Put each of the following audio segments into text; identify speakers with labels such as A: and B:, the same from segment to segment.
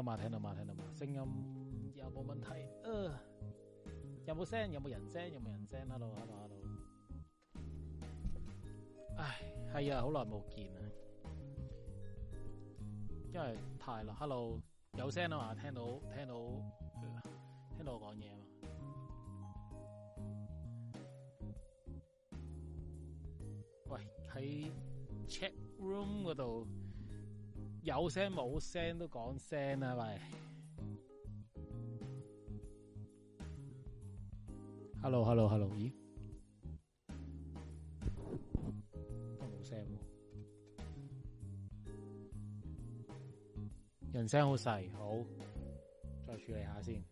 A: 聽到嘛，聽到嘛，聽到嘛，聲音有冇問題？呃，有冇聲？有冇人聲？有冇人聲？hello hello hello，唉，係啊，好耐冇見啊，因為太耐。hello 有聲啊嘛，聽到聽到聽到我講嘢嘛，喂喺 check room 嗰度。有聲冇聲都講聲啊，喂！Hello，Hello，Hello，hello, hello, 咦？都冇聲，啊，人聲好細，好，再處理一下先。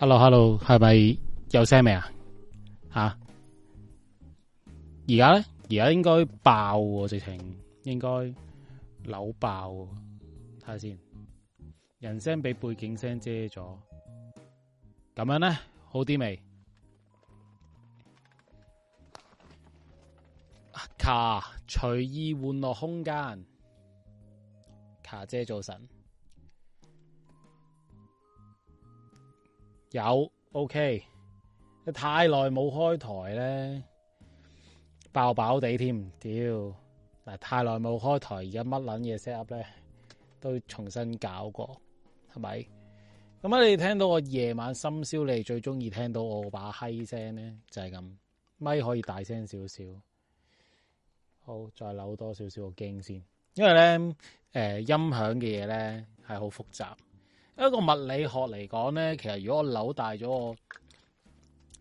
A: Hello，Hello，係咪有聲未啊？吓，而家咧，而家應該爆喎，直情應該扭爆喎，睇下先。人聲俾背景聲遮咗，咁樣咧好啲未，啊？卡隨意玩樂空間，卡姐早晨。有，OK。你太耐冇開台咧，爆爆地添，屌！嗱，太耐冇開台，而家乜撚嘢 set up 咧，都重新搞過，係咪？咁啊，你哋聽到我夜晚深宵你哋最中意聽到我把嘿聲咧，就係咁，咪可以大聲少少。好，再扭多少少個驚先，因為咧，誒、呃，音響嘅嘢咧係好複雜。一個物理學嚟講咧，其實如果我扭大咗個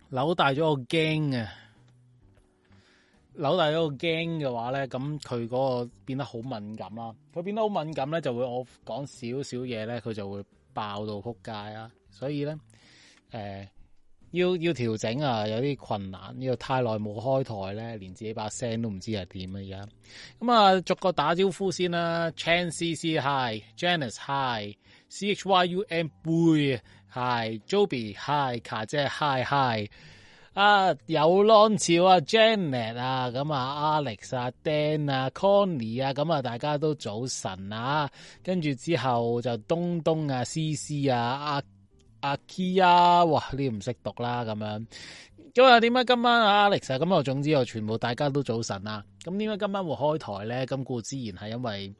A: 扭大咗個驚嘅扭大咗個驚嘅話咧，咁佢嗰個變得好敏感啦。佢變得好敏感咧，就會我講少少嘢咧，佢就會爆到扑街啊。所以咧，誒、呃。要要調整啊，有啲困難。呢度太耐冇開台咧，連自己把聲都唔知係點啊！而家咁啊，逐個打招呼先啦。Chan C C, C. Hi，Janice Hi，C H Y U M 背 Hi，Joby Hi，卡姐 Hi Hi，啊、uh, 有浪潮啊 Janet 啊，咁啊 Alex 啊，Dan 啊、uh,，Connie 啊，咁啊大家都早晨啊，跟、uh, 住之後就東東啊、uh,，C C 啊，啊。阿 key 啊，哇呢啲唔識讀啦咁樣。咁啊點解今晚啊 Alex 咁？我總之我全部大家都早晨啦。咁點解今晚會開台咧？咁故之然係因為誒、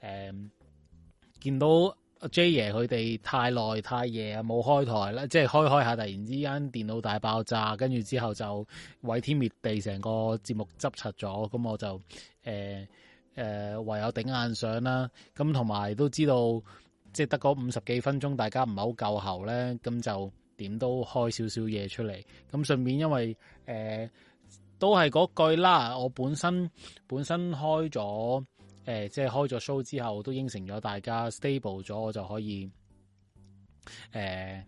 A: 呃、見到 J 爺佢哋太耐太夜啊，冇開台啦，即係開開下突然之間電腦大爆炸，跟住之後就毀天滅地節，成個節目執柒咗。咁我就誒誒、呃呃、唯有頂硬上啦。咁同埋都知道。即係得嗰五十幾分鐘，大家唔係好夠喉咧，咁就點都開少少嘢出嚟。咁順便，因為、呃、都係嗰句啦，我本身本身開咗、呃、即係開咗 show 之後，都應承咗大家 stable 咗，我就可以、呃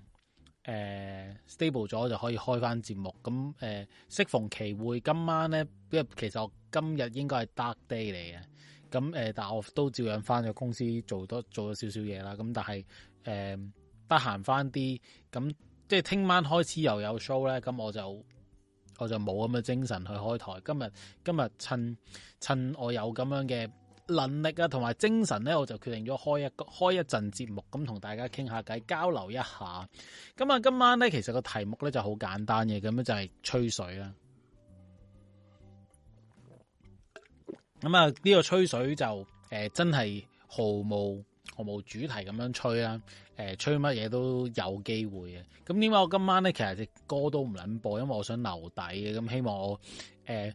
A: 呃、stable 咗就可以開返節目。咁、呃、適逢其會今晚咧，因為其實我今日應該係 dark day 嚟嘅。咁誒但我都照樣翻咗公司做多做咗少少嘢啦。咁但係誒得閒翻啲，咁即係聽晚開始又有 show 咧。咁我就我就冇咁嘅精神去開台。今日今日趁趁我有咁樣嘅能力啊，同埋精神咧，我就決定咗開一個開一陣節目，咁同大家傾下偈，交流一下。咁啊，今晚咧其實個題目咧就好簡單嘅，咁樣就係吹水啦。咁啊！呢個吹水就誒、呃，真係毫無毫無主題咁樣吹啦。誒、呃，吹乜嘢都有機會嘅。咁點解我今晚咧，其實隻歌都唔捻播，因為我想留底嘅。咁希望我誒，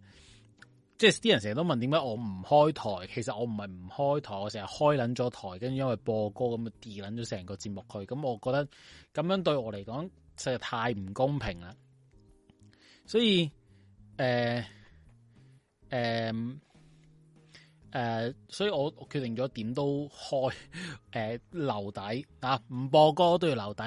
A: 即係啲人成日都問點解我唔開台。其實我唔係唔開台，我成日開捻咗台，跟住因為播歌咁啊跌捻咗成個節目去。咁我覺得咁樣對我嚟講，實在太唔公平啦。所以誒誒。呃呃誒、呃，所以我決定咗點都開，誒、呃、留底啊，唔播歌都要留底。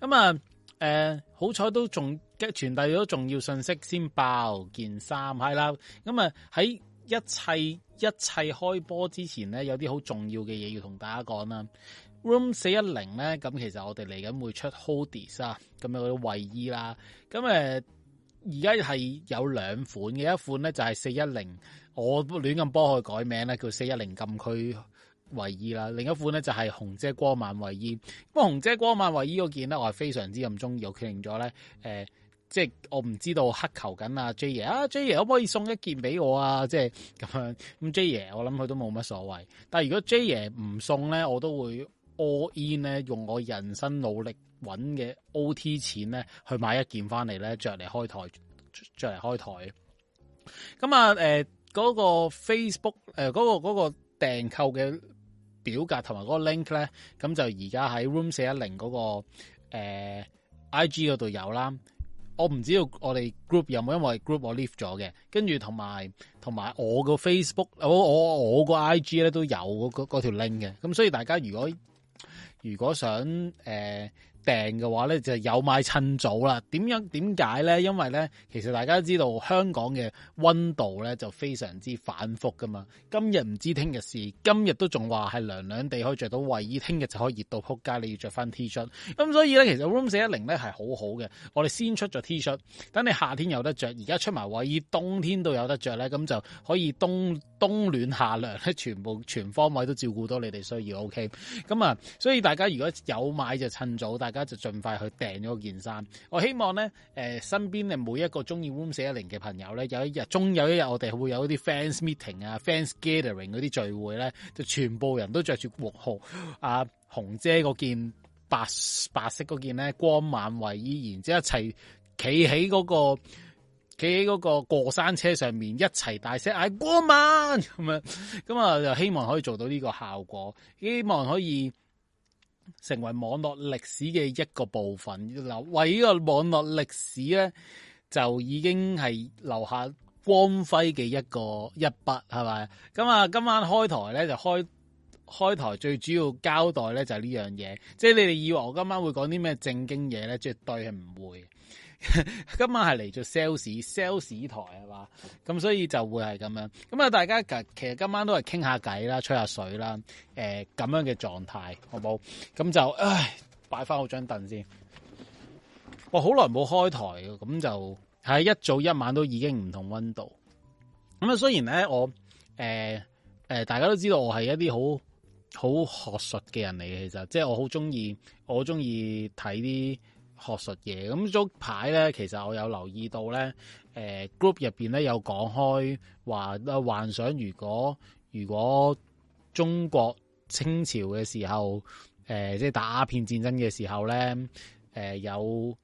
A: 咁啊，誒、呃、好彩都仲傳遞咗重要信息，先爆件衫係啦。咁啊喺一切一切開波之前咧，有啲好重要嘅嘢要同大家講啦。Room 四一零咧，咁其實我哋嚟緊會出 hoodies 啊，咁、呃、有啲衛衣啦。咁誒而家係有兩款嘅，一款咧就係四一零。我亂咁幫佢改名咧，叫四一零禁區衛衣啦。另一款咧就係紅姐光晚衛衣。咁紅姐光晚衛衣嗰件咧，我係非常之咁中意。我決定咗咧，誒、呃，即係我唔知道乞求緊啊 J 爺啊，J 爺可唔可以送一件俾我啊？即係咁樣咁 J 爺，我諗佢都冇乜所謂。但係如果 J 爺唔送咧，我都會 all in 咧，用我人生努力揾嘅 O T 錢咧，去買一件翻嚟咧着嚟開台，着嚟開台。咁啊，誒、呃。嗰個 Facebook 誒、嗰個嗰個訂購嘅表格同埋嗰個 link 咧，咁就而家喺 Room 四一零嗰個、呃、IG 嗰度有啦。我唔知道我哋 group 有冇？因為 group 我 leave 咗嘅。跟住同埋同埋我個 Facebook，我我我個 IG 咧都有嗰條 link 嘅。咁所以大家如果如果想、呃病嘅話咧就有買趁早啦。點樣點解咧？因為咧，其實大家都知道香港嘅温度咧就非常之反覆噶嘛。今日唔知聽日事，今日都仲話係涼涼地可以着到衛衣，聽日就可以熱到扑街，你要着翻 T 恤。咁所以咧，其實 Room 四一零咧係好好嘅。我哋先出咗 T 恤，等你夏天有得着，而家出埋衛衣，冬天都有得着咧，咁就可以冬冬暖夏涼，咧全部全方位都照顧到你哋需要。OK。咁啊，所以大家如果有買就趁早，大家。就盡快去訂咗件衫。我希望咧，誒、呃，身邊嘅每一個中意 Room 四一零嘅朋友咧，有一日，終有一日，我哋會有啲 fans meeting 啊，啊，fans gathering 嗰啲聚會咧，就全部人都着住紅紅啊紅姐嗰件白白色嗰件咧，光晚衛衣，然之後一齊企喺嗰個企喺嗰個過山車上面一車，一齊大聲嗌「光晚」。咁樣，咁啊，就希望可以做到呢個效果，希望可以。成為網絡歷史嘅一個部分，嗱，為呢個網絡歷史咧就已經係留下光輝嘅一個一筆，係咪？咁啊，今晚開台咧就開開台，最主要交代咧就係呢樣嘢，即係你哋以為我今晚會講啲咩正經嘢咧，絕對係唔會。 今晚係嚟做 sales，sales 台係嘛，咁所以就會係咁樣。咁啊，大家其實今晚都係傾下偈啦，吹下水啦，誒、呃，咁樣嘅狀態好冇好？咁就唉，擺翻好張凳先。哇、哦，好耐冇開台嘅，咁就喺一早一晚都已經唔同溫度。咁啊，雖然咧我誒誒、呃呃，大家都知道我係一啲好好學術嘅人嚟嘅，其實即係我好中意，我中意睇啲。學術嘢，咁早排咧，其實我有留意到咧、呃、group 入面咧有講開話幻想，如果如果中國清朝嘅時候，呃、即係打鴉片戰爭嘅時候咧、呃，有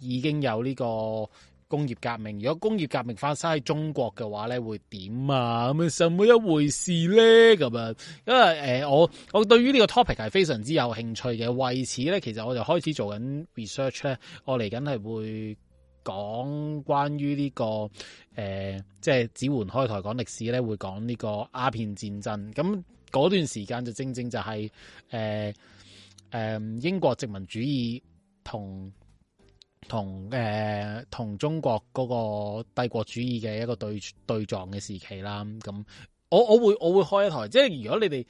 A: 已經有呢、這個。工業革命，如果工業革命發生喺中國嘅話咧，會點啊？咁啊，係咪一回事咧？咁啊，因為誒、呃，我我對於呢個 topic 係非常之有興趣嘅，為此咧，其實我就開始做緊 research 咧，我嚟緊係會講關於呢、這個誒，即、呃、係、就是、子桓開台講歷史咧，會講呢個鴉片戰爭。咁嗰段時間就正正就係誒誒，英國殖民主義同。同誒、呃，同中國嗰個帝國主義嘅一個對對撞嘅時期啦，咁我我會我會開一台，即係如果你哋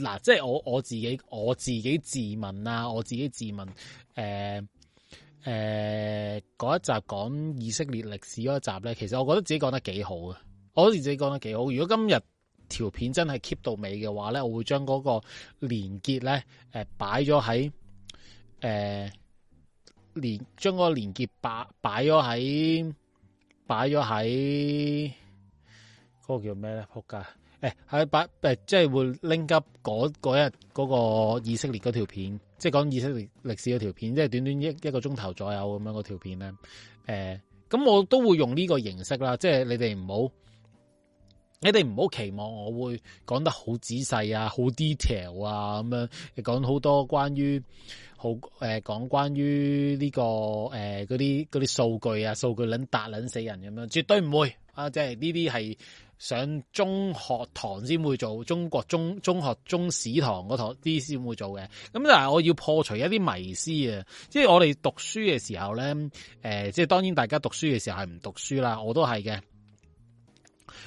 A: 嗱，即係我我自己我自己自問啊，我自己自問，誒誒嗰一集講以色列歷史嗰一集咧，其實我覺得自己講得幾好啊，我覺得自己講得幾好。如果今日條片真係 keep 到尾嘅話咧，我會將嗰個連結咧，誒擺咗喺誒。連將嗰個連結擺擺咗喺擺咗喺嗰個叫咩咧撲街誒喺擺誒即係會拎急嗰日嗰、嗰個以色列嗰條片，即係講以色列歷史嗰條片，即係短短一一個鐘頭左右咁樣嗰條片咧。誒、欸，咁我都會用呢個形式啦，即係你哋唔好，你哋唔好期望我會講得好仔細啊，好 detail 啊咁樣講好多關於。好誒、這個，講關於呢個誒嗰啲嗰啲數據啊，數據捻達捻死人咁樣，絕對唔會啊！即係呢啲係上中學堂先會做，中國中中學中史堂嗰堂啲先會做嘅。咁但係我要破除一啲迷思啊！即係我哋讀書嘅時候咧，誒、呃，即係當然大家讀書嘅時候係唔讀書啦，我都係嘅。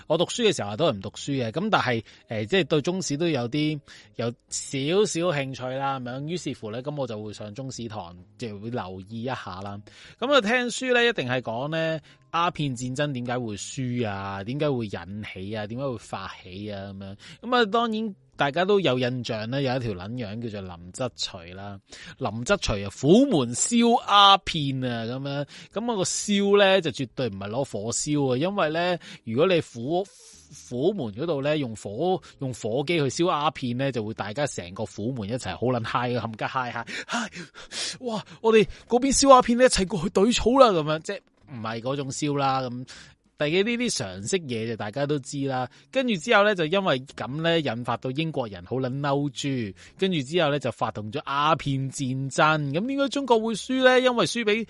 A: 我讀書嘅時候都係唔讀書嘅，咁但係誒，即、呃、係、就是、對中史都有啲有少少興趣啦，咁樣於是乎咧，咁我就會上中史堂，就會留意一下啦。咁、嗯、啊，聽書咧一定係講咧鴉片戰爭點解會輸啊，點解會引起啊，點解會發起啊咁樣。咁、嗯、啊、嗯，當然。大家都有印象咧，有一條撚樣叫做林則徐啦。林則徐啊，虎門燒鴉片啊，咁樣咁我、嗰個燒咧就絕對唔係攞火燒啊，因為咧如果你虎虎門嗰度咧用火用火機去燒鴉片咧，就會大家成個虎門一齊好撚嗨，冚家嗨嗨嗨，哇！我哋嗰邊燒鴉片，一齊過去堆草啦，咁樣即係唔係嗰種燒啦咁。第幾呢啲常識嘢就大家都知啦，跟住之後咧就因為咁咧引發到英國人好撚嬲豬，跟住之後咧就發動咗鴉片戰爭，咁點解中國會輸咧？因為輸俾。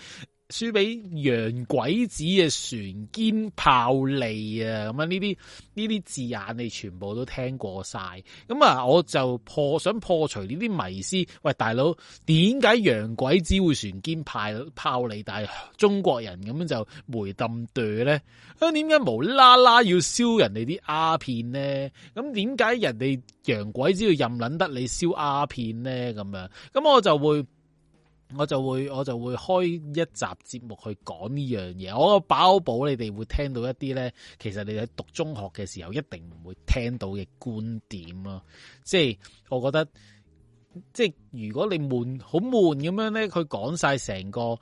A: 輸俾洋鬼子嘅船堅炮利啊！咁樣呢啲呢啲字眼你全部都聽過晒。咁啊，我就破想破除呢啲迷思。喂，大佬，點解洋鬼子會船堅炮炮利，但係中國人咁樣就梅冧對咧？咁點解無啦啦要燒人哋啲鴉片咧？咁點解人哋洋鬼子要任捻得你燒鴉片咧？咁樣，咁我就會。我就會我就會開一集節目去講呢樣嘢，我個包保你哋會聽到一啲咧，其實你哋喺讀中學嘅時候一定唔會聽到嘅觀點咯。即係我覺得，即係如果你悶好悶咁樣咧，佢講晒成個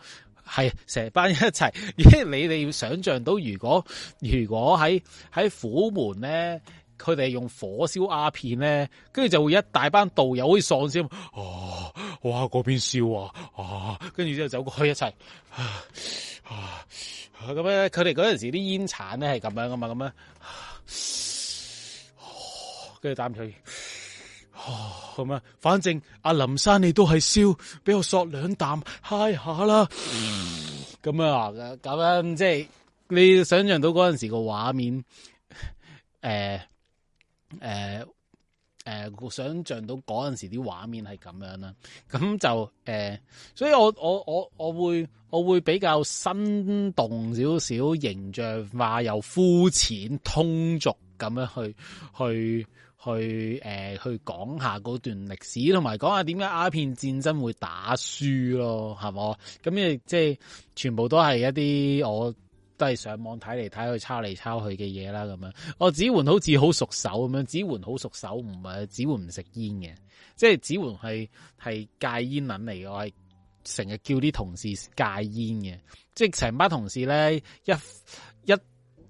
A: 係成班一齊，因為你哋要想象到如果如果喺喺虎門咧。佢哋係用火燒鴉片咧，跟住就會一大班道友好似喪屍，哦，哇嗰邊燒啊，啊，跟住之後就走過去一齊，啊、oh, oh.，咁咧佢哋嗰陣時啲煙鏟咧係咁樣噶嘛，咁樣，跟住打唔出，咁啊，反正阿林生你都係燒，俾我嗦兩啖嗨下啦，咁啊、嗯，咁樣即係你想象到嗰陣時個畫面，誒、呃。誒、呃、誒、呃，想象到嗰陣時啲畫面係咁樣啦，咁就誒、呃，所以我我我我會我會比較生動少少，形象化又膚淺通俗咁樣去去去誒、呃、去講下嗰段歷史，同埋講下點解鴉片戰爭會打輸咯，係冇？咁亦即係全部都係一啲我。都係上網睇嚟睇去抄嚟抄去嘅嘢啦，咁樣。哦，子桓好似好熟手咁樣，子桓好熟手，唔係子桓唔食煙嘅，即係子桓係係戒煙撚嚟嘅，我係成日叫啲同事戒煙嘅，即係成班同事咧一一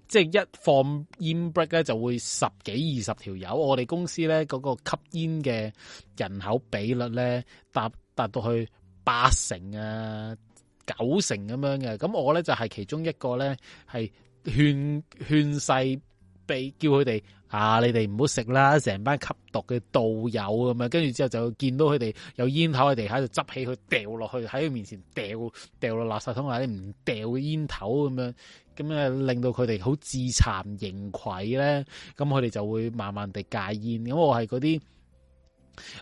A: 即係、就是、一放煙 break 咧就會十幾二十條友。我哋公司咧嗰、那個吸煙嘅人口比率咧達達到去八成啊！九成咁樣嘅，咁我咧就係、是、其中一個咧，係勸勸世，俾叫佢哋啊，你哋唔好食啦，成班吸毒嘅道友咁樣，跟住之後就見到佢哋有煙頭喺地下，就執起佢掉落去喺佢面前掉掉落垃圾桶嗰啲唔掉嘅煙頭咁樣，咁啊令到佢哋好自慚形穢咧，咁佢哋就會慢慢地戒煙。咁我係嗰啲。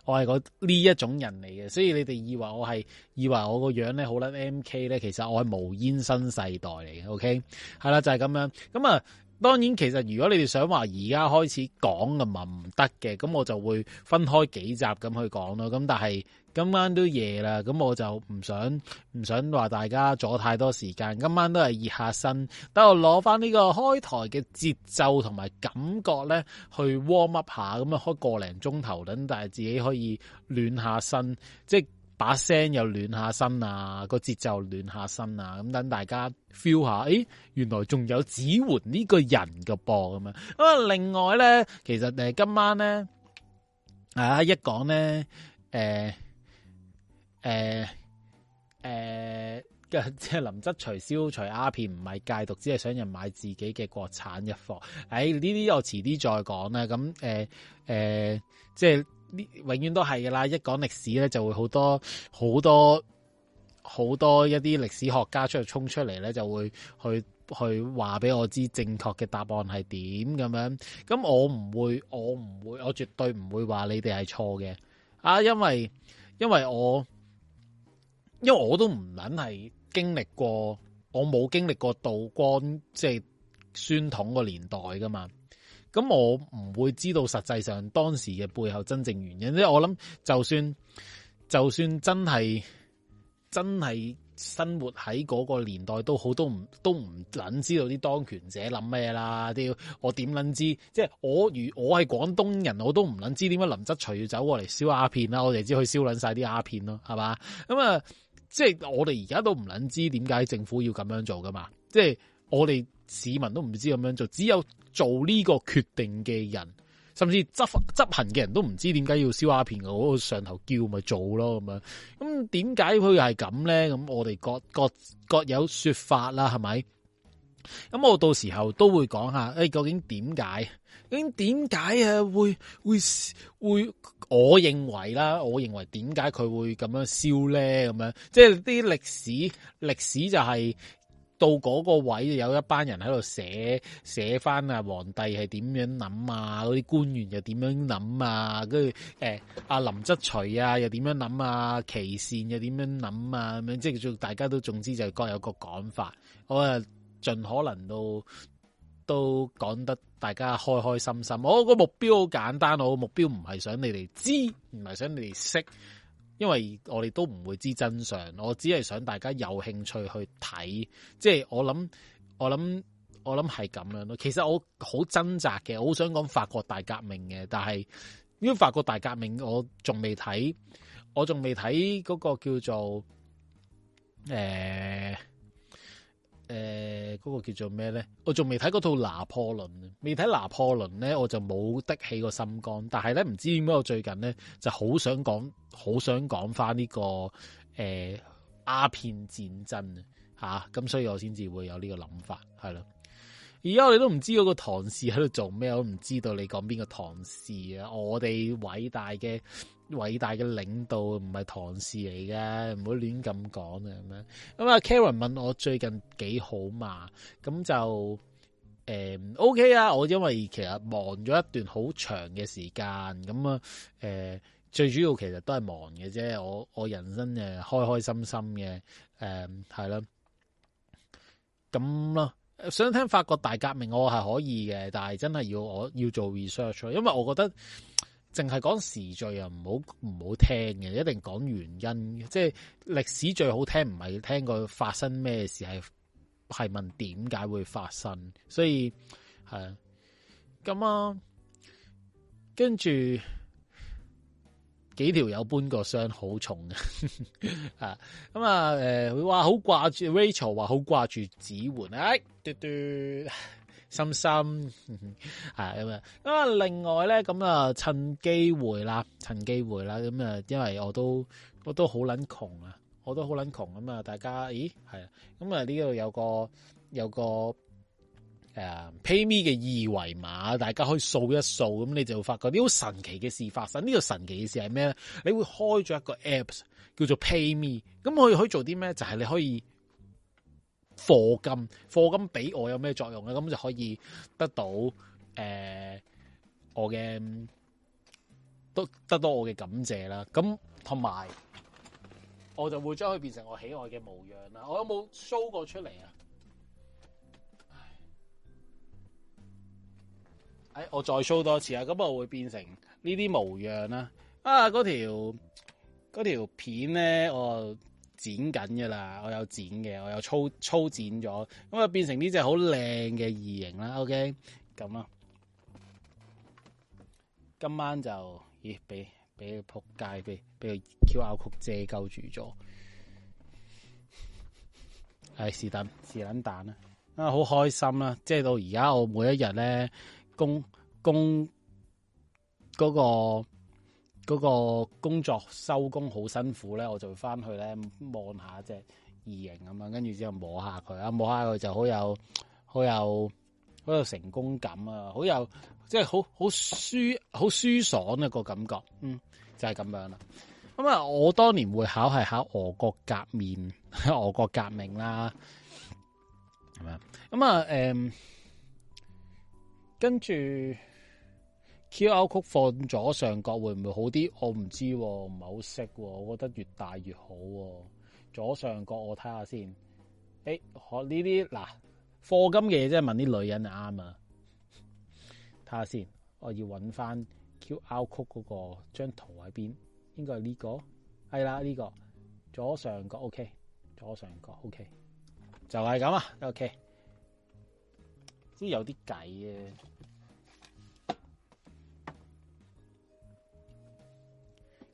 A: 我係個呢一種人嚟嘅，所以你哋以為我係，以為我個樣咧好撚 MK 咧，其實我係無煙新世代嚟嘅，OK，係啦就係、是、咁樣，咁啊當然其實如果你哋想話而家開始講嘅咪唔得嘅，咁我就會分開幾集咁去講咯，咁但係。今晚都夜啦，咁我就唔想唔想話大家阻太多時間。今晚都係熱下身，等我攞翻呢個開台嘅節奏同埋感覺咧，去 warm up 下，咁啊開個零鐘頭等，大家自己可以暖下身，即係把聲又暖下身啊，個節奏暖下身啊，咁等大家 feel 下，誒、哎，原來仲有子桓呢個人嘅噃。咁樣。咁啊，另外咧，其實誒今晚咧啊一講咧誒。欸誒、哎、誒，即、哎、係林則徐消除鴉片，唔係戒毒，只係想人買自己嘅國產藥誒，呢、哎、啲我遲啲再講啦。咁誒誒，即係呢，永遠都係噶啦。一講歷史咧，就會好多好多好多一啲歷史學家出去衝出嚟，咧就會去去話俾我知正確嘅答案係點咁樣。咁我唔會，我唔會，我絕對唔會話你哋係錯嘅。啊，因為因為我。因為我都唔撚係經歷過，我冇經歷過道光，即係宣統個年代噶嘛，咁我唔會知道實際上當時嘅背後真正原因。即係我諗，就算就算真係真係生活喺嗰個年代都好，都唔都唔撚知道啲當權者諗咩啦？啲我點撚知？即係我如我係廣東人，我都唔撚知點解林則徐要走過嚟燒鴉片啦？我哋知佢燒撚晒啲鴉片咯，係嘛？咁啊～即係我哋而家都唔撚知點解政府要咁樣做㗎嘛？即係我哋市民都唔知咁樣做，只有做呢個決定嘅人，甚至執執行嘅人都唔知點解要燒鴉片嘅，嗰個上頭叫咪做咯咁樣。咁點解佢係咁咧？咁我哋各各各有說法啦，係咪？咁我到時候都會講下，誒、哎，究竟點解？咁點解啊？會會會，我認為啦，我認為點解佢會咁樣燒咧？咁樣即係啲歷史歷史就係到嗰個位，有一班人喺度寫寫翻啊，皇帝係點樣諗啊？嗰啲官員又點樣諗啊？跟住誒，阿林則徐啊，又點樣諗啊？祁善又點樣諗啊？咁樣即係叫做，大家都總之就各有各講法。我啊，盡可能到。都講得大家開開心心，我個目標好簡單，我個目標唔係想你哋知，唔係想你哋識，因為我哋都唔會知真相，我只係想大家有興趣去睇，即係我諗，我諗，我諗係咁樣咯。其實我好掙扎嘅，好想講法國大革命嘅，但係因為法國大革命我仲未睇，我仲未睇嗰個叫做誒。呃誒、呃，嗰、那個叫做咩咧？我仲未睇嗰套拿破崙，未睇拿破崙咧，我就冇得起個心肝。但係咧，唔知點解我最近咧就好想講，好想講翻呢個誒、呃、鴉片戰爭啊。咁所以我先至會有呢個諗法係啦，而家我哋都唔知嗰個唐氏喺度做咩，我都唔知道你講邊個唐氏啊？我哋偉大嘅。偉大嘅領導唔係唐氏嚟嘅，唔好亂咁講啊咁樣。咁啊，Karen 問我最近幾好嘛？咁就誒、嗯、OK 啊。我因為其實忙咗一段好長嘅時間，咁啊誒，最主要其實都係忙嘅啫。我我人生誒開開心心嘅，誒、嗯、係啦，咁、嗯、咯。想聽法國大革命我係可以嘅，但係真係要我要做 research 咯，因為我覺得。淨係講時序又唔好唔好聽嘅，一定講原因，即係歷史最好聽，唔係聽過發生咩事，係係問點解會發生，所以係咁啊。跟住幾條友搬個箱好重嘅咁啊，誒、啊，話好掛住 Rachel，話好掛住子桓，哎，嘟嘟。心心咁咁啊，另外咧，咁啊，趁機會啦，趁機會啦咁啊，因為我都我都好捻窮啊，我都好捻窮啊咁啊，大家咦係啊，咁啊呢度有個有個誒、啊、PayMe 嘅二維碼，大家可以掃一掃，咁、啊、你就會發覺啲好神奇嘅事發生。呢、呢個神奇嘅事係咩咧？你會開咗一個 Apps 叫做 PayMe，咁佢可以做啲咩？就係、係、你可以。課金，課金俾我有咩作用咧？咁就可以得到誒、呃，我嘅都得，得到我嘅感謝啦。咁同埋，我就會將佢變成我喜愛嘅模樣啦。我有冇 show 過出嚟啊？唉，我再 show 多次啊！咁我會變成呢啲模樣啦。啊，嗰條嗰條片咧，我。剪緊噶啦，我有剪嘅，我有粗粗剪咗，咁啊變成呢隻好靚嘅異形啦，OK，咁咯。今晚就，咦、欸，俾俾個扑街，俾俾個 QR code 遮鳩住咗。係是但，是撚蛋啦，啊，好開心啦、啊！即係到而家，我每一日咧，公公嗰個。嗰個工作收工好辛苦咧，我就會翻去咧，望下隻異形咁樣，跟住之後摸下佢，一摸下佢就好有好有好有成功感啊，好有即係好好舒好舒爽嘅個感覺，嗯，就係、是、咁樣啦。咁啊，我當年會考係考俄國革命，俄國革命啦，係咪咁啊？誒、嗯，跟住。QR Code 放左上角會唔會好啲？我唔知道，啊，唔係好識，我覺得越大越好，啊。左上角我睇下先看看。誒、欸，學呢啲嗱，課金嘅嘢真係問啲女人啱啊。睇下先，我要揾翻 QR Code 嗰個張圖喺邊，應該係呢個。係啦，呢、這個左上角，O K。左上角，O、OK、K、OK。就係、是、咁、OK、啊，O K。都有啲計嘅。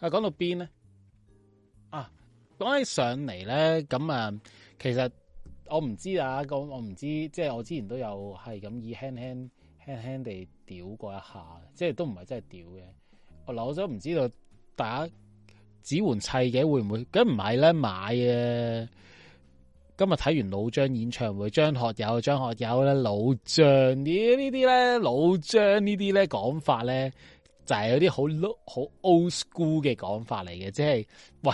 A: 啊，講到邊咧？啊，講起上嚟咧，咁啊，其實我唔知啊，我我唔知，即係我之前都有係咁易輕輕輕輕地屌過一下，即係都唔係真係屌嘅。我我想唔知道大家指換砌嘅會唔會？梗唔係咧，買啊！今日睇完老張演唱會，張學友、張學友咧，老張呢呢啲咧，老張呢啲咧，講法咧。就係、是、有啲好老好 old school 嘅講法嚟嘅，即、就、係、是、喂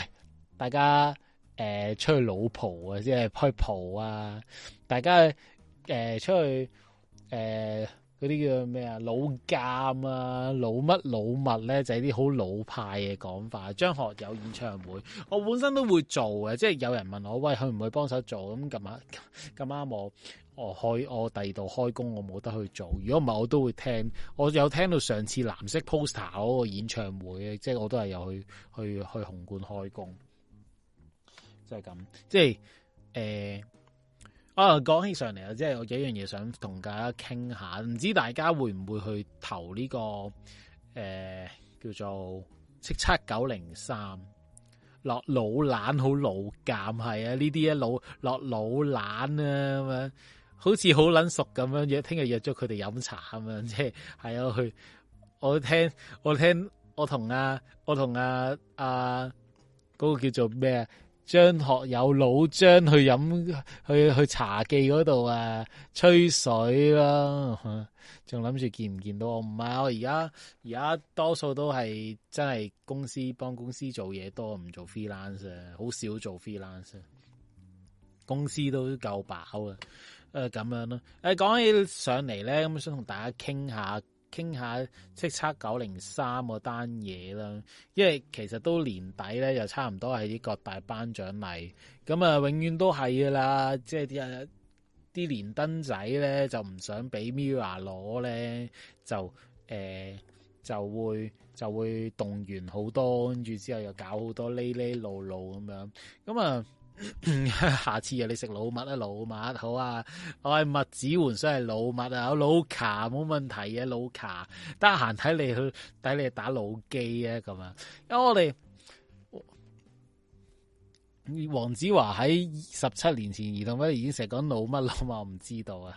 A: 大家誒、呃、出去老蒲啊，即、就、係、是、去蒲啊，大家誒、呃、出去誒嗰啲叫咩啊，老監啊，老乜老物咧，就係啲好老派嘅講法。張學友演唱會，我本身都會做嘅，即、就、係、是、有人問我喂，去唔去幫手做咁，咁啱咁啱我。我開我第二度開工，我冇得去做。如果唔係，我都會聽。我有聽到上次藍色 Poster 嗰個演唱會，即係我都係有去去去紅館開工。即係咁，即係誒、欸、啊！講起上嚟啊，即係我有幾樣嘢想同大家傾下，唔知大家會唔會去投呢、這個誒、欸、叫做七七九零三落老懶好老尷係啊？呢啲一老落老懶啊咁樣。好似好捻熟咁樣約，聽日約咗佢哋飲茶咁樣，即係係啊去，我聽我聽我同阿、啊、我同阿阿嗰個叫做咩啊張學友老張去飲去去茶記嗰度啊吹水啦，仲諗住見唔見到我？唔係我而家而家多數都係真係公司幫公司做嘢，多唔做 freelance 啊，好少做 freelance，公司都夠飽啊！誒、呃、咁樣咯，誒、呃、講起上嚟咧，咁想同大家傾下傾下叱咤九零三嗰單嘢啦，因為其實都年底咧，就差唔多係啲各大頒獎禮，咁啊永遠都係噶啦，即係啲啊啲連登仔咧就唔想俾 Mirror 攞咧，就誒就,、呃、就會就會動員好多，跟住之後又搞好多呢呢路路咁樣，咁啊～ 下次啊，你食老麥啊，老麥好啊。我係麥子桓，所以老麥我老啊，老有老卡冇問題嘅老卡。得閒睇你去睇你去打老機啊，咁樣。因為我哋黃子華喺十七年前而同乜已經成講老乜老嘛，我唔知道啊。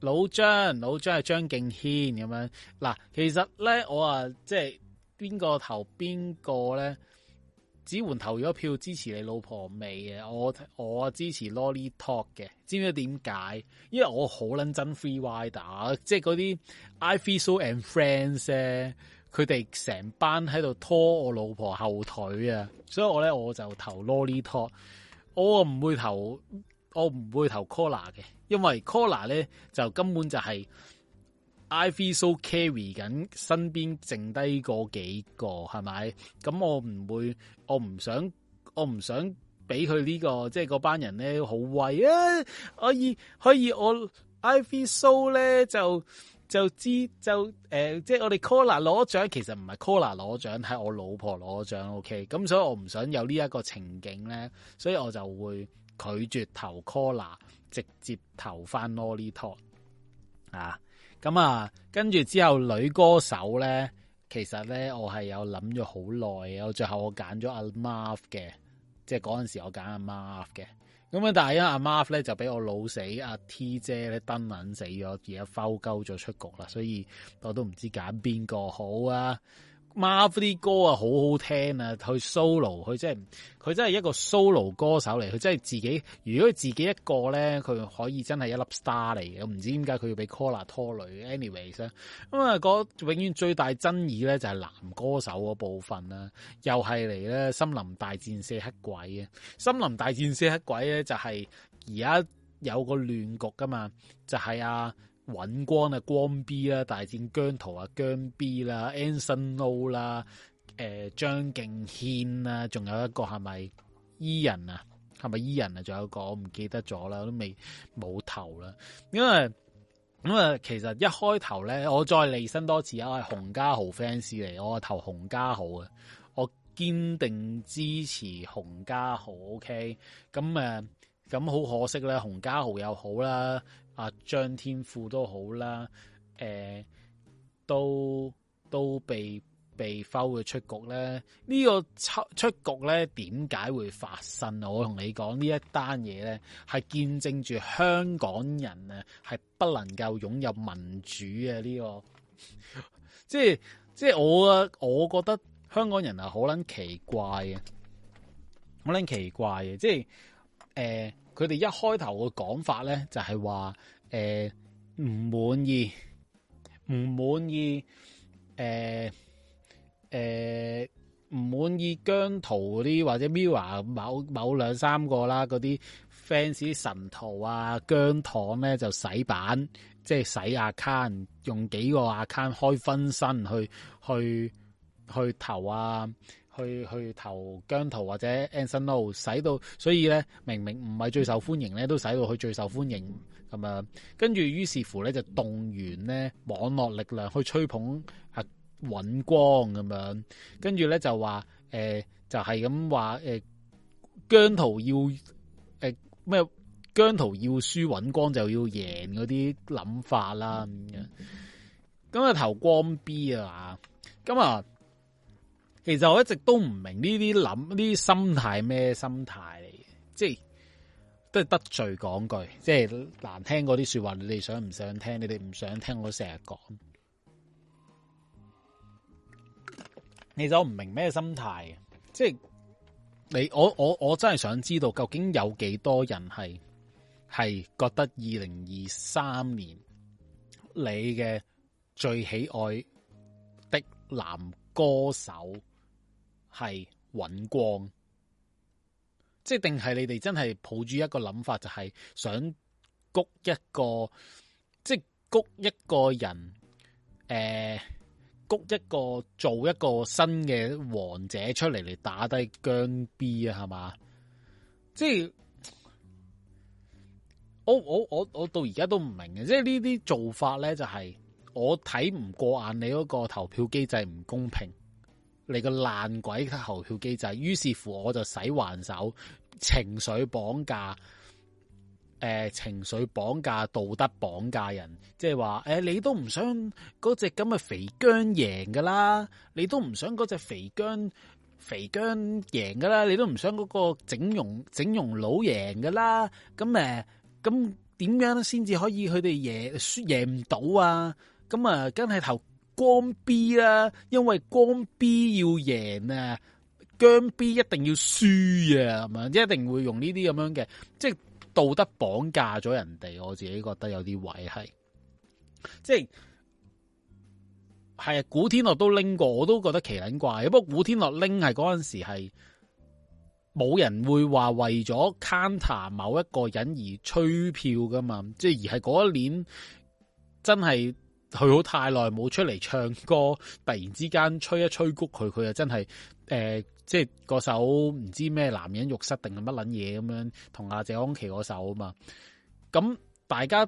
A: 老張，老張係張敬軒咁樣。嗱，其實咧，我啊，即係邊個頭邊個咧。子桓投咗票支持你老婆未嘅？我我支持 Lolly Talk 嘅，知唔知點解？因為我好捻憎 Free Rider，即係嗰啲 Ivy So and Friends 咧，佢哋成班喺度拖我老婆後腿啊！所以我咧我就投 Lolly Talk，我唔會投我唔會投 COLLAR 嘅，因為 COLLAR 咧就根本就係、是。I feel so carry 緊，身邊剩低嗰幾個係咪？咁我唔會，我唔想，我唔想俾佢呢個，即係嗰班人咧好威啊！可以可以我，我 I feel so 咧就就知就誒，即、呃、係、就是、我哋 COLLAR 攞獎，其實唔係 COLLAR 攞獎，係我老婆攞獎。OK，咁所以我唔想有呢一個情景咧，所以我就會拒絕投 COLLAR，直接投翻 Lolly Talk 啊。咁啊，跟住之後女歌手咧，其實咧我係有諗咗好耐啊。我最後我揀咗阿 Marv 嘅，即係嗰陣時我揀阿 Marv 嘅。咁啊，但係因為阿 Marv 咧就俾我老死，阿 T 姐咧登撚死咗，而家浮鳩咗出局啦，所以我都唔知揀邊個好啊。Marf 啲歌啊，好好聽啊！佢 solo，佢真係佢真係一個 solo 歌手嚟，佢真係自己。如果自己一個咧，佢可以真係一粒 star 嚟嘅。唔知點解佢要俾 Collar 拖累。Anyways，咁啊，個永遠最大爭議咧就係男歌手嗰部分啦。又係嚟咧，《森林大戰四黑鬼》啊，《森林大戰四黑鬼》咧就係而家有個亂局噶嘛，就係啊。尹光啊，光 B 啦，大戰姜濤啊，姜 B 啦 Anson O 啦，誒，張敬軒啊，仲有一個係咪伊人啊？係咪伊人啊？仲有一個我唔記得咗啦，我都未冇投啦。因為咁啊，其實一開頭咧，我再離身多次啊，我係洪家豪 fans 嚟，我投洪家豪啊！我堅定支持洪家豪。O K，咁誒，咁、呃、好可惜咧，洪家豪又好啦。啊，張天富都好啦，誒、呃，都都被被封嘅出局咧。呢、這個出出局咧，點解會發生？我同你講呢一單嘢咧，係見證住香港人啊，係不能夠擁有民主嘅呢、這個， 即係即係我啊，我覺得香港人啊，好撚奇怪嘅，好撚奇怪嘅，即係誒。呃佢哋一開頭嘅講法咧，就係話誒唔滿意，唔滿意，誒誒唔滿意姜濤嗰啲或者 Mirror 某某兩三個啦，嗰啲 fans 神圖啊，姜糖咧就洗版，即係洗 account，用幾個 account 開分身去去去投啊。去去投姜濤或者 Anson 使到所以咧，明明唔係最受歡迎咧，都使到佢最受歡迎咁啊！跟住於是乎咧，就動員咧網絡力量去吹捧阿、啊、尹光咁樣，跟住咧就話誒，就係咁話誒，姜濤要誒咩姜濤要輸尹光就要贏嗰啲諗法啦咁樣。今、嗯、日投光 B 啊，咁啊。其實我一直都唔明呢啲諗呢啲心態咩心態嚟嘅，即係都係得罪講句，即係難聽嗰啲說話，你哋想唔想聽？你哋唔想聽我成日講，其實我唔明咩心態嘅？即係你我我我真係想知道，究竟有幾多人係係覺得二零二三年你嘅最喜愛的男歌手？係揾光，即係定係你哋真係抱住一個諗法，就係想谷一個，即係谷一個人，誒、呃，谷一個做一個新嘅王者出嚟嚟打低姜 B 啊，係嘛？即係我我我我到而家都唔明嘅，即係呢啲做法咧，就係、是、我睇唔過眼，你嗰個投票機制唔公平。你個爛鬼投票機制，於是乎我就使還手，情緒綁架，誒、呃，情緒綁架，道德綁架人，即係話，誒、欸，你都唔想嗰隻咁嘅肥姜贏噶啦，你都唔想嗰隻肥姜肥姜贏噶啦，你都唔想嗰個整容整容佬贏噶啦，咁誒，咁、啊、點樣先至可以佢哋贏輸贏唔到啊？咁啊，梗係頭。光 B 啦，啊，因為光 B 要贏啊，姜 B 一定要輸啊，咁樣一定會用呢啲咁樣嘅，即係道德綁架咗人哋，我自己覺得有啲位係，即係係啊。古天樂都拎過，我都覺得奇卵怪。不過古天樂拎係嗰陣時係冇人會話為咗勘 r 某一個人而吹票噶嘛，即係而係一年真係。佢好太耐冇出嚟唱歌，突然之間吹一吹谷佢，佢又真係、呃、即係嗰首唔知咩男人浴室定係乜撚嘢咁樣，同阿謝安琪嗰首啊嘛。咁大家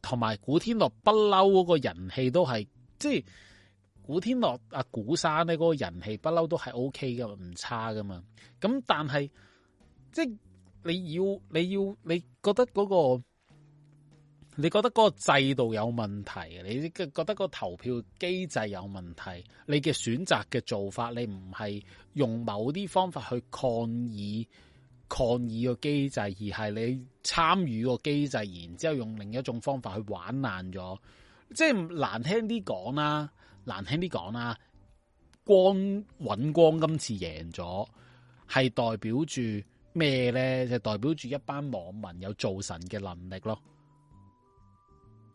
A: 同埋古天樂不嬲嗰個人氣都係、OK，即係古天樂阿古生咧嗰個人氣不嬲都係 OK 噶，唔差噶嘛。咁但係即係你要你要你覺得嗰、嗰個？你覺得嗰個制度有問題，你覺得個投票機制有問題，你嘅選擇嘅做法，你唔係用某啲方法去抗議，抗議個機制，而係你參與個機制，然之後用另一種方法去玩爛咗。即係難聽啲講啦，難聽啲講啦，光尹光今次贏咗，係代表住咩呢？就是、代表住一班網民有造神嘅能力咯。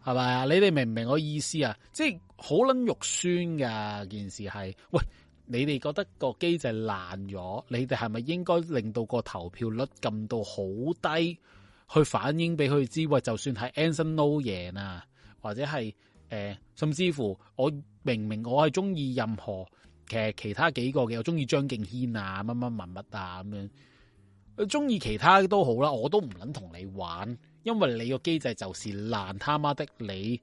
A: 係咪啊？你哋明唔明我意思啊？即係好撚肉酸噶件事係，喂，你哋覺得個機制爛咗，你哋係咪應該令到個投票率撳到好低去反映俾佢知？喂，就算係 Anson Lo 贏啊，或者係誒、呃，甚至乎我明明我係中意任何其實其他幾個嘅，我中意張敬軒啊，乜乜乜乜啊咁樣，中意其他都好啦，我都唔撚同你玩。因為你個機制就是爛，他媽的你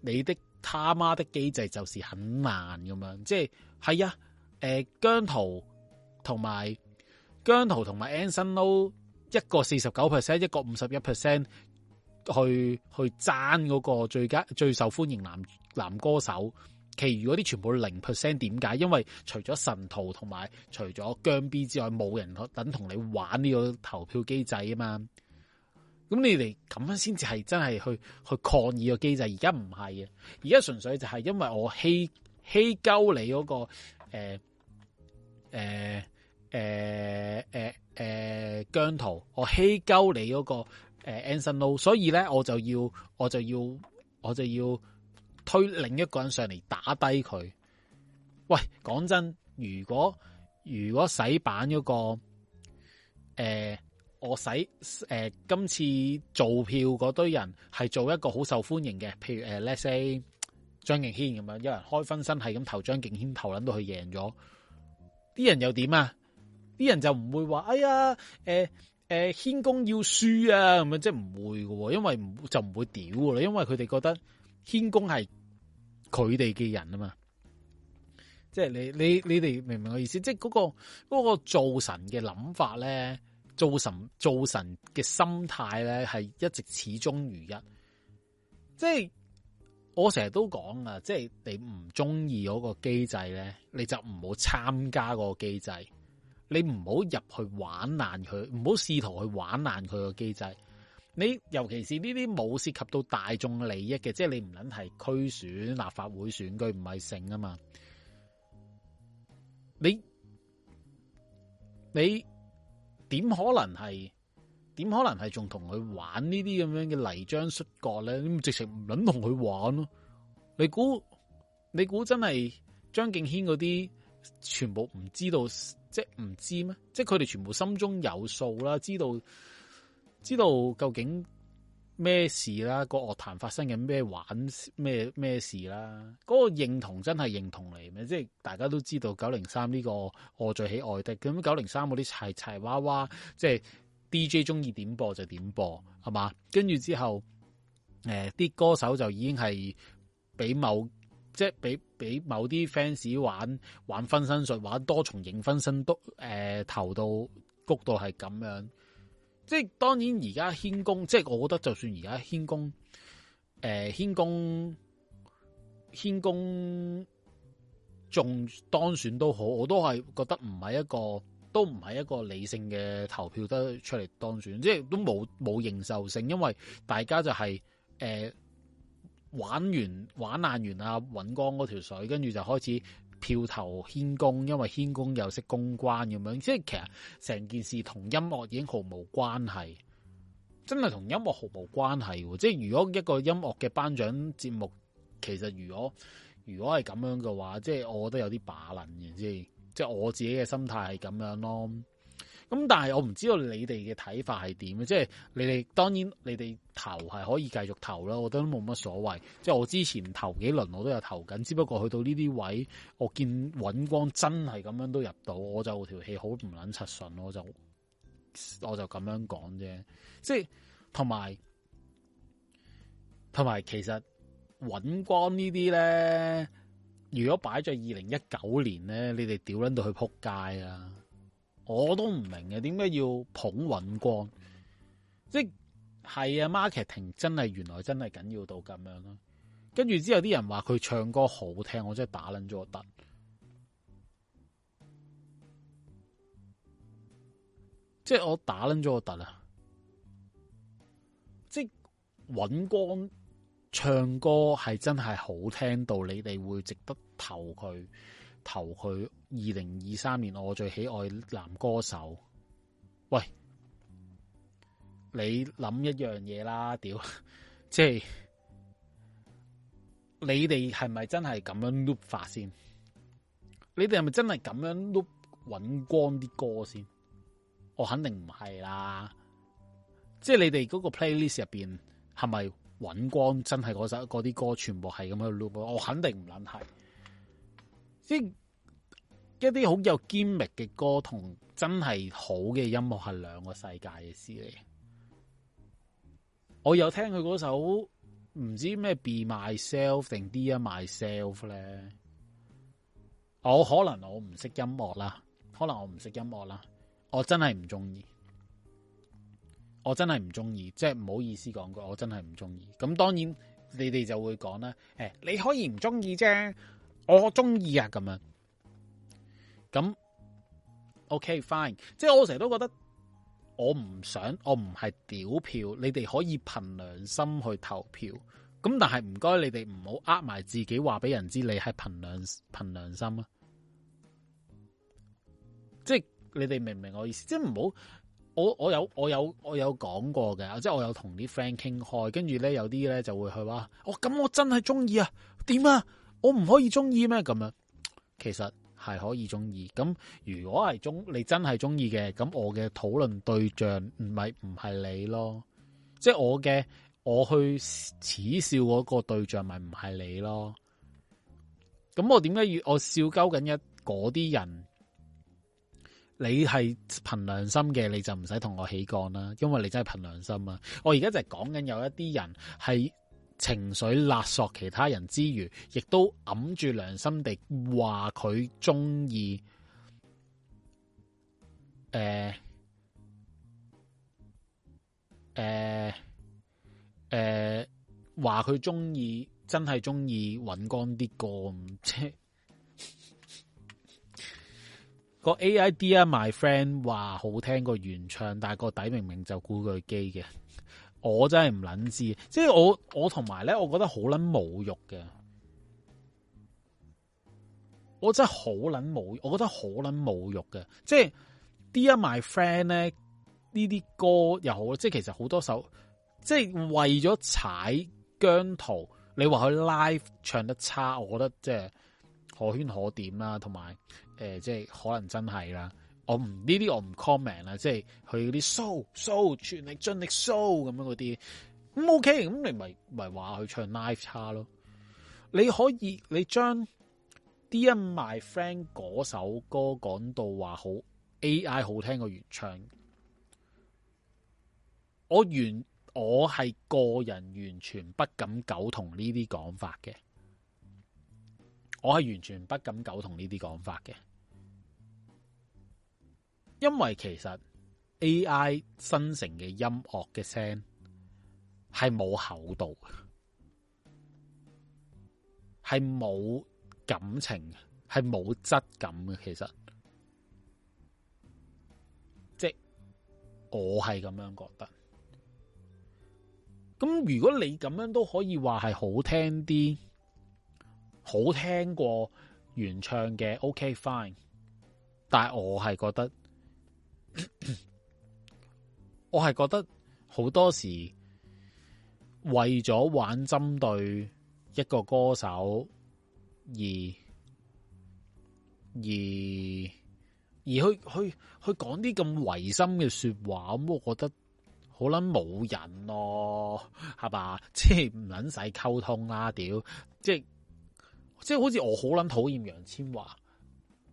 A: 你的他媽的機制就是很爛咁樣，即係係啊，誒、呃、姜濤同埋姜濤同埋 Anson Lo 一個四十九 percent，一個五十一 percent 去去爭嗰個最佳最受歡迎男男歌手，其餘嗰啲全部零 percent，點解？因為除咗神徒同埋除咗姜 B 之外，冇人等同你玩呢個投票機制啊嘛～咁你哋咁樣先至係真係去去抗議個機制，而家唔係嘅，而家純粹就係因為我欺欺鳩你嗰個誒誒誒誒誒姜濤，我欺鳩你嗰個誒、呃、Anson Lo, 所以咧我就要我就要我就要推另一個人上嚟打低佢。喂，講真，如果如果洗版嗰個誒。呃我使誒、呃，今次做票嗰堆人係做一個好受歡迎嘅，譬如誒、呃、，Let’s say 張敬軒咁樣，有人開分身係咁投張敬軒投了，諗到佢贏咗，啲人又點啊？啲人就唔會話，哎呀，誒、呃、誒，謙、呃、公、呃、要輸啊，咁樣即係唔會嘅，因為唔就唔會屌噶啦，因為佢哋覺得謙公係佢哋嘅人啊嘛，即係你你你哋明唔明我的意思？即係、那、嗰個、那個造神嘅諗法咧。做神做神嘅心態咧，係一直始終如一。即係我成日都講啊，即係你唔中意嗰個機制咧，你就唔好參加嗰個機制，你唔好入去玩爛佢，唔好試圖去玩爛佢個機制。你尤其是呢啲冇涉及到大眾利益嘅，即係你唔撚係區選、立法會選舉唔係剩啊嘛。你你。點可能係，點可能係仲同佢玩這這呢啲咁樣嘅泥漿摔角咧？咁直情唔諗同佢玩咯？你估你估真係張敬軒嗰啲全部唔知道即係唔知咩？即係佢哋全部心中有數啦，知道知道究竟。咩事啦？個樂壇發生緊咩玩咩咩事啦？嗰個認同真係認同嚟咩？即係大家都知道九零三呢個我最喜愛的咁九零三啲柴柴娃娃，即係、就是、DJ 中意點播就點播係嘛？跟住之後，誒、呃，啲歌手就已經係俾某即係俾俾某啲 fans 玩玩分身術，玩多重影分身都誒、呃、投到谷度係咁樣。即係當然而家謙公，即係我覺得就算而家謙公，誒謙公謙公仲當選都好，我都係覺得唔係一個，都唔係一個理性嘅投票得出嚟當選，即係都冇冇認受性，因為大家就係、是、誒、呃、玩完玩爛完啊尹光嗰條水，跟住就開始。票投牽工，因為牽工又識公關咁樣，即係其實成件事同音樂已經毫無關係，真係同音樂毫無關係喎。即係如果一個音樂嘅頒獎節目，其實如果如果係咁樣嘅話，即係我覺得有啲把撚嘅，即係即係我自己嘅心態係咁樣咯。咁但係我唔知道你哋嘅睇法係點啊，即係你哋當然你哋投係可以繼續投啦，我覺得都冇乜所謂。即係我之前投幾輪我都有投緊，只不過去到呢啲位，我見尹光真係咁樣都入到，我就條氣好唔捻七順，我就我就咁樣講啫。即係同埋同埋，其實尹光呢啲咧，如果擺咗二零一九年咧，你哋屌捻到去扑街啊！我都唔明嘅，點解要捧尹光？即係啊，marketing 真係原來真係緊要到咁樣咯。跟住之後啲人話佢唱歌好聽，我真係打捻咗個突。即係我打捻咗個突啊！即係尹光唱歌係真係好聽到你哋會值得投佢。投佢二零二三年我最喜愛男歌手。喂，你諗一樣嘢啦，屌，即係你哋係咪真係咁樣 loop 法先？你哋係咪真係咁樣 loop 揾光啲歌先？我肯定唔係啦。即係你哋嗰個 playlist 入邊係咪揾光真係嗰首嗰啲歌全部係咁樣 loop？我肯定唔諗係。即係一啲好有 gimmick 嘅歌，同真係好嘅音樂係兩個世界嘅事嚟。我有聽佢嗰首唔知咩 Be Myself 定 Dear Myself 咧。我可能我唔識音樂啦，可能我唔識音樂啦。我真係唔中意，我真係唔中意，即係唔好意思講句，我真係唔中意。咁當然你哋就會講啦，誒，你可以唔中意啫。我中意啊，咁樣咁，OK fine，即係我成日都覺得我唔想，我唔係屌票，你哋可以憑良心去投票，咁但係唔該，你哋唔好呃埋自己話俾人知你係憑良憑良心啊，即係你哋明唔明我意思？即係唔好，我我有我有我有講過嘅，即係我有同啲 friend 傾開，跟住咧有啲咧就會去話，我、哦、咁我真係中意啊，點啊？我唔可以中意咩咁樣？其實係可以中意。咁如果係中，你真係中意嘅，咁我嘅討論對象唔係，唔係你咯？即係我嘅，我去恥笑嗰個對象咪唔係你咯？咁我點解要我笑鳩緊一嗰啲人？你係憑良心嘅，你就唔使同我起槓啦，因為你真係憑良心啊！我而家就係講緊有一啲人係。情緒勒索其他人之餘，亦都揞住良心地話佢中意，誒誒誒話佢中意，真係中意揾乾啲歌。即係個 A I D 啊，my friend 話好聽過原唱，但係個底明明就古巨基嘅。我真係唔捻知，即係我我同埋咧，我覺得好捻侮辱嘅。我真係好捻侮辱，我覺得好捻侮辱嘅。即係啲一 my friend 咧，呢啲歌又好，即係其實好多首，即係為咗踩姜濤，你話佢 live 唱得差，我覺得即係可圈可點啦，同埋誒，即係可能真係啦。我唔呢啲我唔 comment 啦，即係佢嗰啲 so so 全力盡力 so 咁樣嗰啲，咁、so, OK，咁你咪咪話佢唱 live 差咯。你可以你將 Dear My Friend 嗰首歌講到話好 AI 好聽過原唱，我完我係個人完全不敢苟同呢啲講法嘅，我係完全不敢苟同呢啲講法嘅。因為其實 AI 生成嘅音樂嘅聲係冇厚度嘅，係冇感情嘅，係冇質感嘅。其實，即我係咁樣覺得。咁如果你咁樣都可以話係好聽啲，好聽過原唱嘅，OK fine。但係我係覺得。 我係覺得好多時為咗玩針對一個歌手而而而,而去去去講啲咁違心嘅說話，咁我覺得好捻冇癮咯，係吧？即係唔撚使溝通啦，屌！即係即係好似我好捻討厭楊千嬅，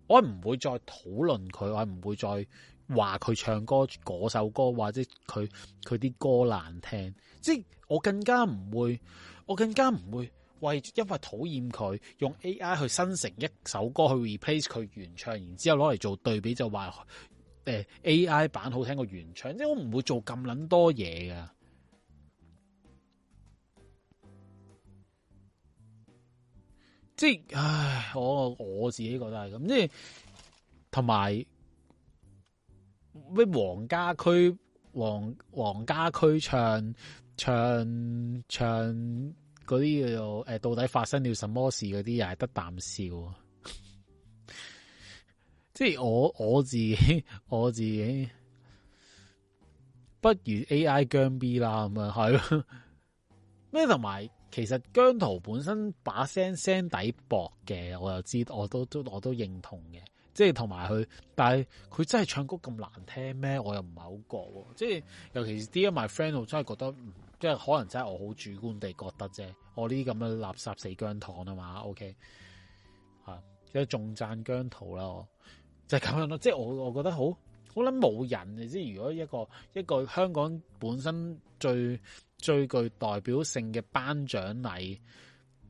A: 我係唔會再討論佢，我係唔會再。話佢唱歌嗰首歌，或者佢佢啲歌難聽，即係我更加唔會，我更加唔會為因為討厭佢用 AI 去生成一首歌去 replace 佢原唱，然之後攞嚟做對比就話誒、呃、AI 版好聽過原唱，即係我唔會做咁捻多嘢噶。即係，唉，我我自己覺得係咁，即係同埋。咩黃家駒黃黃家駒唱唱唱嗰啲叫做誒，到底發生了什麼事嗰啲，又係得啖笑。 即係我我自己我自己，不如 AI 姜 B 啦咁啊，係咯。咩同埋，其實姜濤本身把聲聲底薄嘅，我又知，我都都我都認同嘅。即係同埋佢，但係佢真係唱歌咁難聽咩？我又唔係好覺，即係尤其是啲 my friend 我真係覺得，即係可能真係我好主觀地覺得啫。我呢啲咁嘅垃圾死姜糖啊嘛，OK，吓，即係仲讚姜濤啦，就係、是、咁樣咯。即係我我覺得好，我諗冇人，即係如果一個一個香港本身最最具代表性嘅頒獎禮，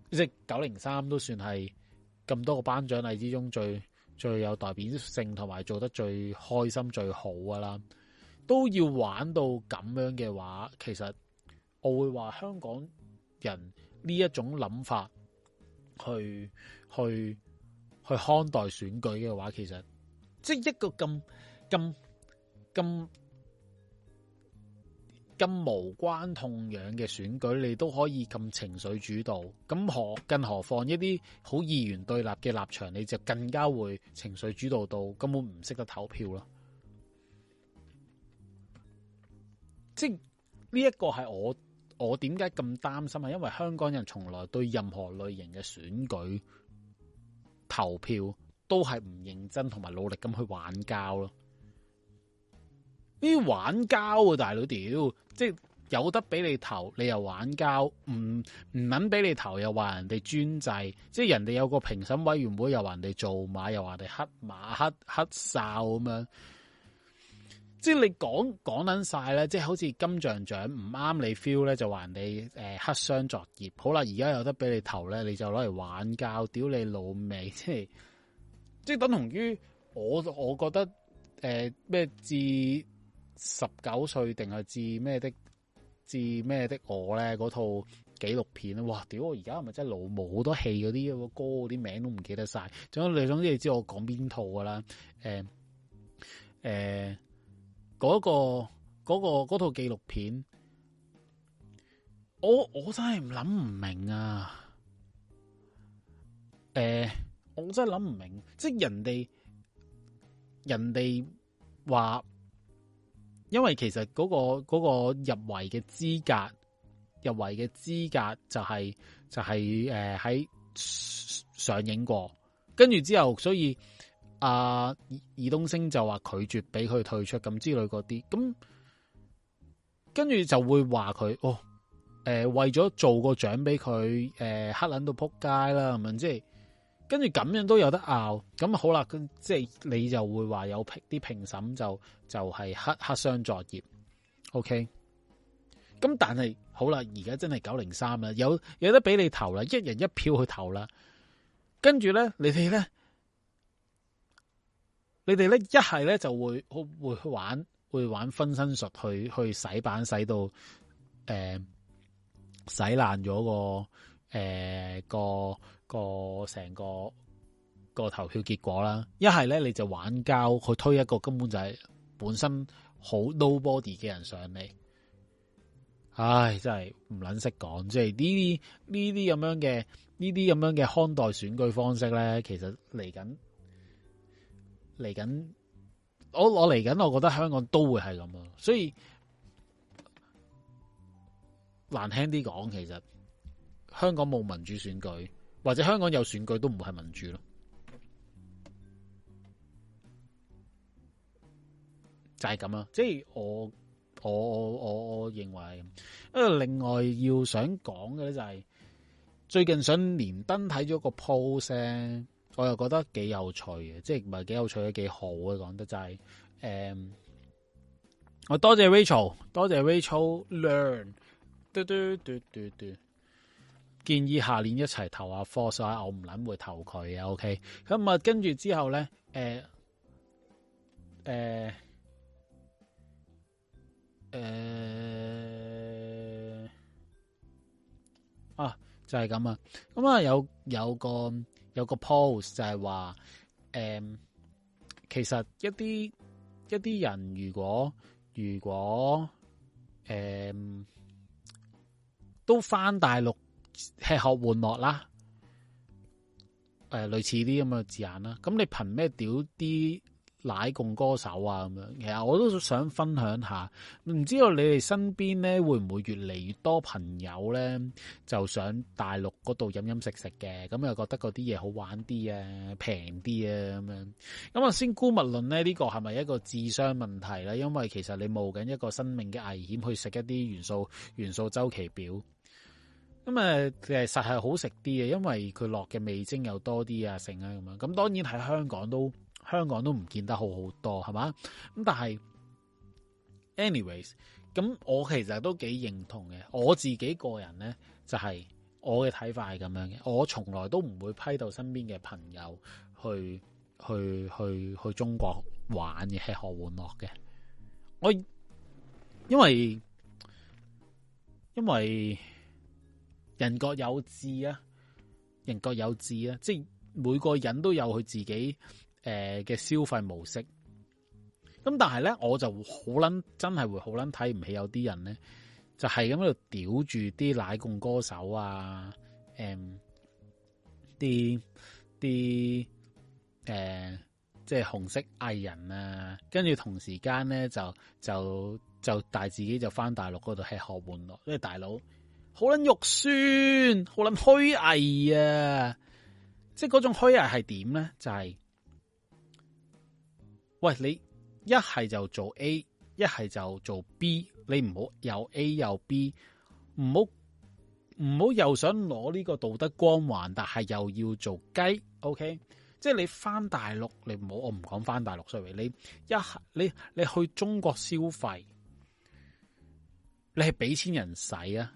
A: 即係九零三都算係咁多個頒獎禮之中最。最有代表性同埋做得最開心最好噶啦，都要玩到咁樣嘅話，其實我會話香港人呢一種諗法去，去去去看待選舉嘅話，其實即係一個咁咁咁，咁咁咁無關痛癢嘅選舉，你都可以咁情緒主導，咁何更何況一啲好二元對立嘅立場，你就更加會情緒主導到根本唔識得投票咯。即呢一個係我我點解咁擔心啊？因為香港人從來對任何類型嘅選舉投票都係唔認真同埋努力咁去玩交咯。啲玩交啊大佬屌，即係有得俾你投，你又玩交，唔唔肯俾你投又話人哋專制，即係人哋有個評審委員會又話人哋做馬，又話人哋黑馬黑黑哨咁樣，即係你講講緊晒咧，即係好似金像獎唔啱你 feel 咧，就話人哋誒黑箱作業，好啦，而家有得俾你投咧，你就攞嚟玩交，屌你老味，即係即係等同於我我覺得誒咩字。呃十九歲定係至咩的至咩的我咧？嗰套紀錄片哇！屌，我而家係咪真係老母好多戲嗰啲歌嗰啲名都唔記得晒？仲有，你總之你知我講邊套噶啦？誒、誒、誒，嗰個、嗰個、嗰個、套紀錄片，我我真係諗唔明啊！誒，我真係諗唔明，即係人哋人哋話。因為其實嗰、那個、那個入圍嘅資格，入圍嘅資格就係、是、就係誒喺上映過，跟住之後，所以啊、呃，爾冬陞就話拒絕俾佢退出咁之類嗰啲，咁跟住就會話佢哦，誒、呃、為咗做個獎俾佢，誒、呃、黑撚到撲街啦，咁樣即係。跟住咁樣都有得拗，咁好啦，即係你就會話有啲評，評審就就係、是、黑黑箱作業，OK。咁但係好啦，而家真係九零三啦，有有得俾你投啦，一人一票去投啦。跟住咧，你哋咧，你哋咧一係咧就會會去玩會玩分身術去去洗版洗到誒、呃、洗爛咗個誒個。呃個個成個個投票結果啦，一係咧你就玩交去推一個根本就係本身好 nobody 嘅人上嚟，唉，真係唔捻識講，即係呢啲呢啲咁樣嘅呢啲咁樣嘅看待選舉方式咧，其實嚟緊嚟緊，我我嚟緊，我覺得香港都會係咁啊，所以難聽啲講，其實香港冇民主選舉。或者香港有選舉都唔會係民主咯，就係咁啊！即係我我我我認為，另外要想講嘅咧就係、是、最近想連登睇咗個 post，我又覺得幾有趣嘅，即係唔係幾有趣咧？幾好啊！講得就係、是嗯、我多謝 Rachel，多謝 Rachel，learn 嘟。嘟嘟嘟嘟嘟建議下年一齊投一下科，所以我唔撚會投佢啊 OK，咁啊，跟住之後咧，誒誒誒啊，就係咁啊。咁啊，有有個有個 post 就係話誒其實一啲、一啲人如果如果誒都返大陸。吃喝玩樂啦，誒、呃，類似啲咁嘅字眼啦。咁你憑咩屌啲奶共歌手啊咁樣？其實我都想分享下，唔知道你哋身邊咧會唔會越嚟越多朋友咧，就想大陸嗰度飲飲食食嘅，咁又覺得嗰啲嘢好玩啲啊，平啲啊咁樣。咁啊，先姑勿論咧呢、呢個係咪一個智商問題咧？因為其實你冒緊一個生命嘅危險去食一啲元素元素周期表。咁啊，其實係好食啲嘅，因為佢落嘅味精又多啲啊，剩啊咁樣。咁當然喺香港都香港都唔見得好好多，係嘛？咁但係，anyways，咁我其實都幾認同嘅。我自己個人咧，就係、是，我嘅睇法係咁樣嘅。我從來都唔會批鬥身邊嘅朋友去去去去中國玩嘅吃喝玩樂嘅。我因為因為。因為人各有志啊，人各有志啊，即係每個人都有佢自己誒嘅，呃、消費模式。咁但係咧，我就好捻真係會好捻睇唔起有啲人咧，就係咁喺度屌住啲奶共歌手啊，誒、嗯，啲啲誒，即係紅色藝人啊，跟住同時間咧就就就帶自己就翻大陸嗰度吃喝玩樂，因為大佬。.好撚肉酸，好撚虛偽啊！即係嗰種虛偽係點咧？就係、是，喂，你一係就做 A，一係就做 B，你唔好又 A 又 B，唔好唔好又想攞呢個道德光環，但係又要做雞。O、OK? K，即係你返大陸，你唔好我唔講返大陸，所以你一你你，你去中國消費，你係俾錢人使啊！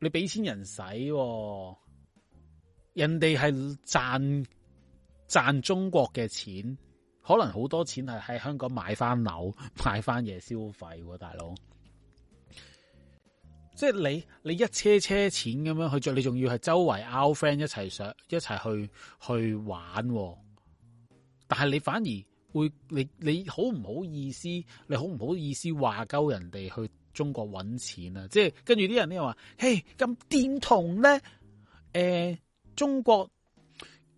A: 你俾錢人使、啊，人哋係賺賺中國嘅錢，可能好多錢係喺香港買翻樓、買翻嘢消費、啊，大佬。即係你，你一車車錢咁樣去着，你仲要係周圍 out friend 一齊上一齊去去玩、啊，但係你反而會，你你好唔好意思？你好唔好意思話鳩人哋去？中國搵錢啊，即係跟住啲人咧又話，嘿咁點同咧？誒、呃，中國誒、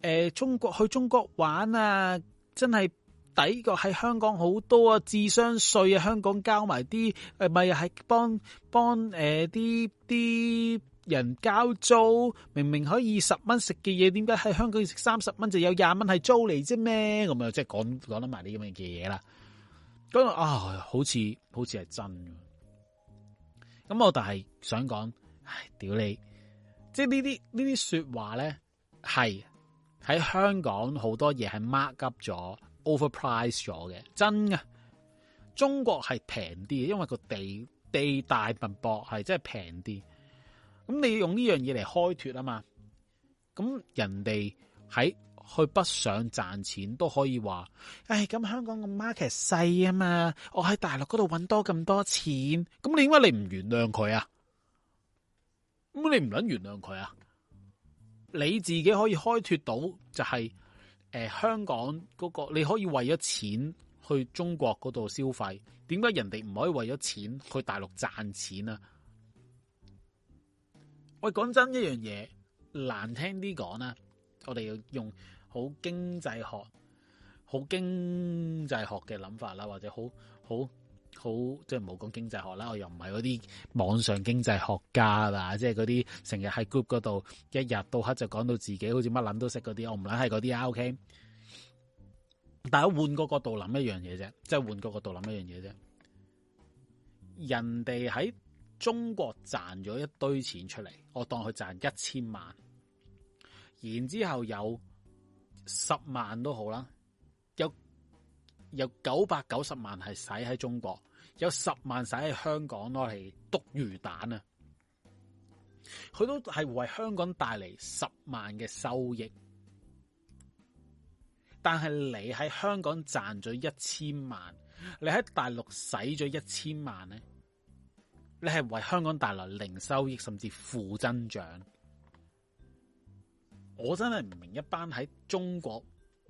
A: 呃，中國去中國玩啊，真係抵過喺香港好多啊！智商稅啊，香港交埋啲誒，咪係幫幫誒啲啲人交租？明明可以十蚊食嘅嘢，點解喺香港要食三十蚊就有廿蚊係租嚟啫？咩咁啊？即係講講得埋啲咁嘅嘢啦。咁啊，好似好似係真。咁我就係想講，唉，屌你！即係呢啲呢啲說話咧，係喺香港好多嘢係 mark up 咗、overpriced 咗嘅，真嘅。中國係平啲，因為個地地大物博，係真係平啲。咁你要用呢樣嘢嚟開脫啊嘛？咁人哋喺。去不想賺錢都可以話，唉，咁香港個 market 細啊嘛，我喺大陸嗰度揾多咁多錢，咁你點解你唔原諒佢啊？咁你唔諗原諒佢啊？你自己可以開脫到就係、是，誒、呃、香港嗰、那個你可以為咗錢去中國嗰度消費，點解人哋唔可以為咗錢去大陸賺錢啊？喂，講真一樣嘢難聽啲講啦，我哋要用。好經濟學，好經濟學嘅諗法啦，或者好好好，即係冇講經濟學啦。我又唔係嗰啲網上經濟學家啦，即係嗰啲成日喺 group 嗰度一日到黑就講到自己好似乜撚都識嗰啲。我唔撚係嗰啲。OK，但係換個角度諗一樣嘢啫，即係換個角度諗一樣嘢啫。人哋喺中國賺咗一堆錢出嚟，我當佢賺一千萬，然之後有十萬都好啦，有有九百九十萬係使喺中國，有十萬使喺香港攞嚟篤魚蛋啊！佢都係為香港帶嚟十萬嘅收益，但係你喺香港賺咗一千萬，你喺大陸使咗一千萬咧，你係為香港帶來零收益甚至負增長。我真係唔明，一班喺中國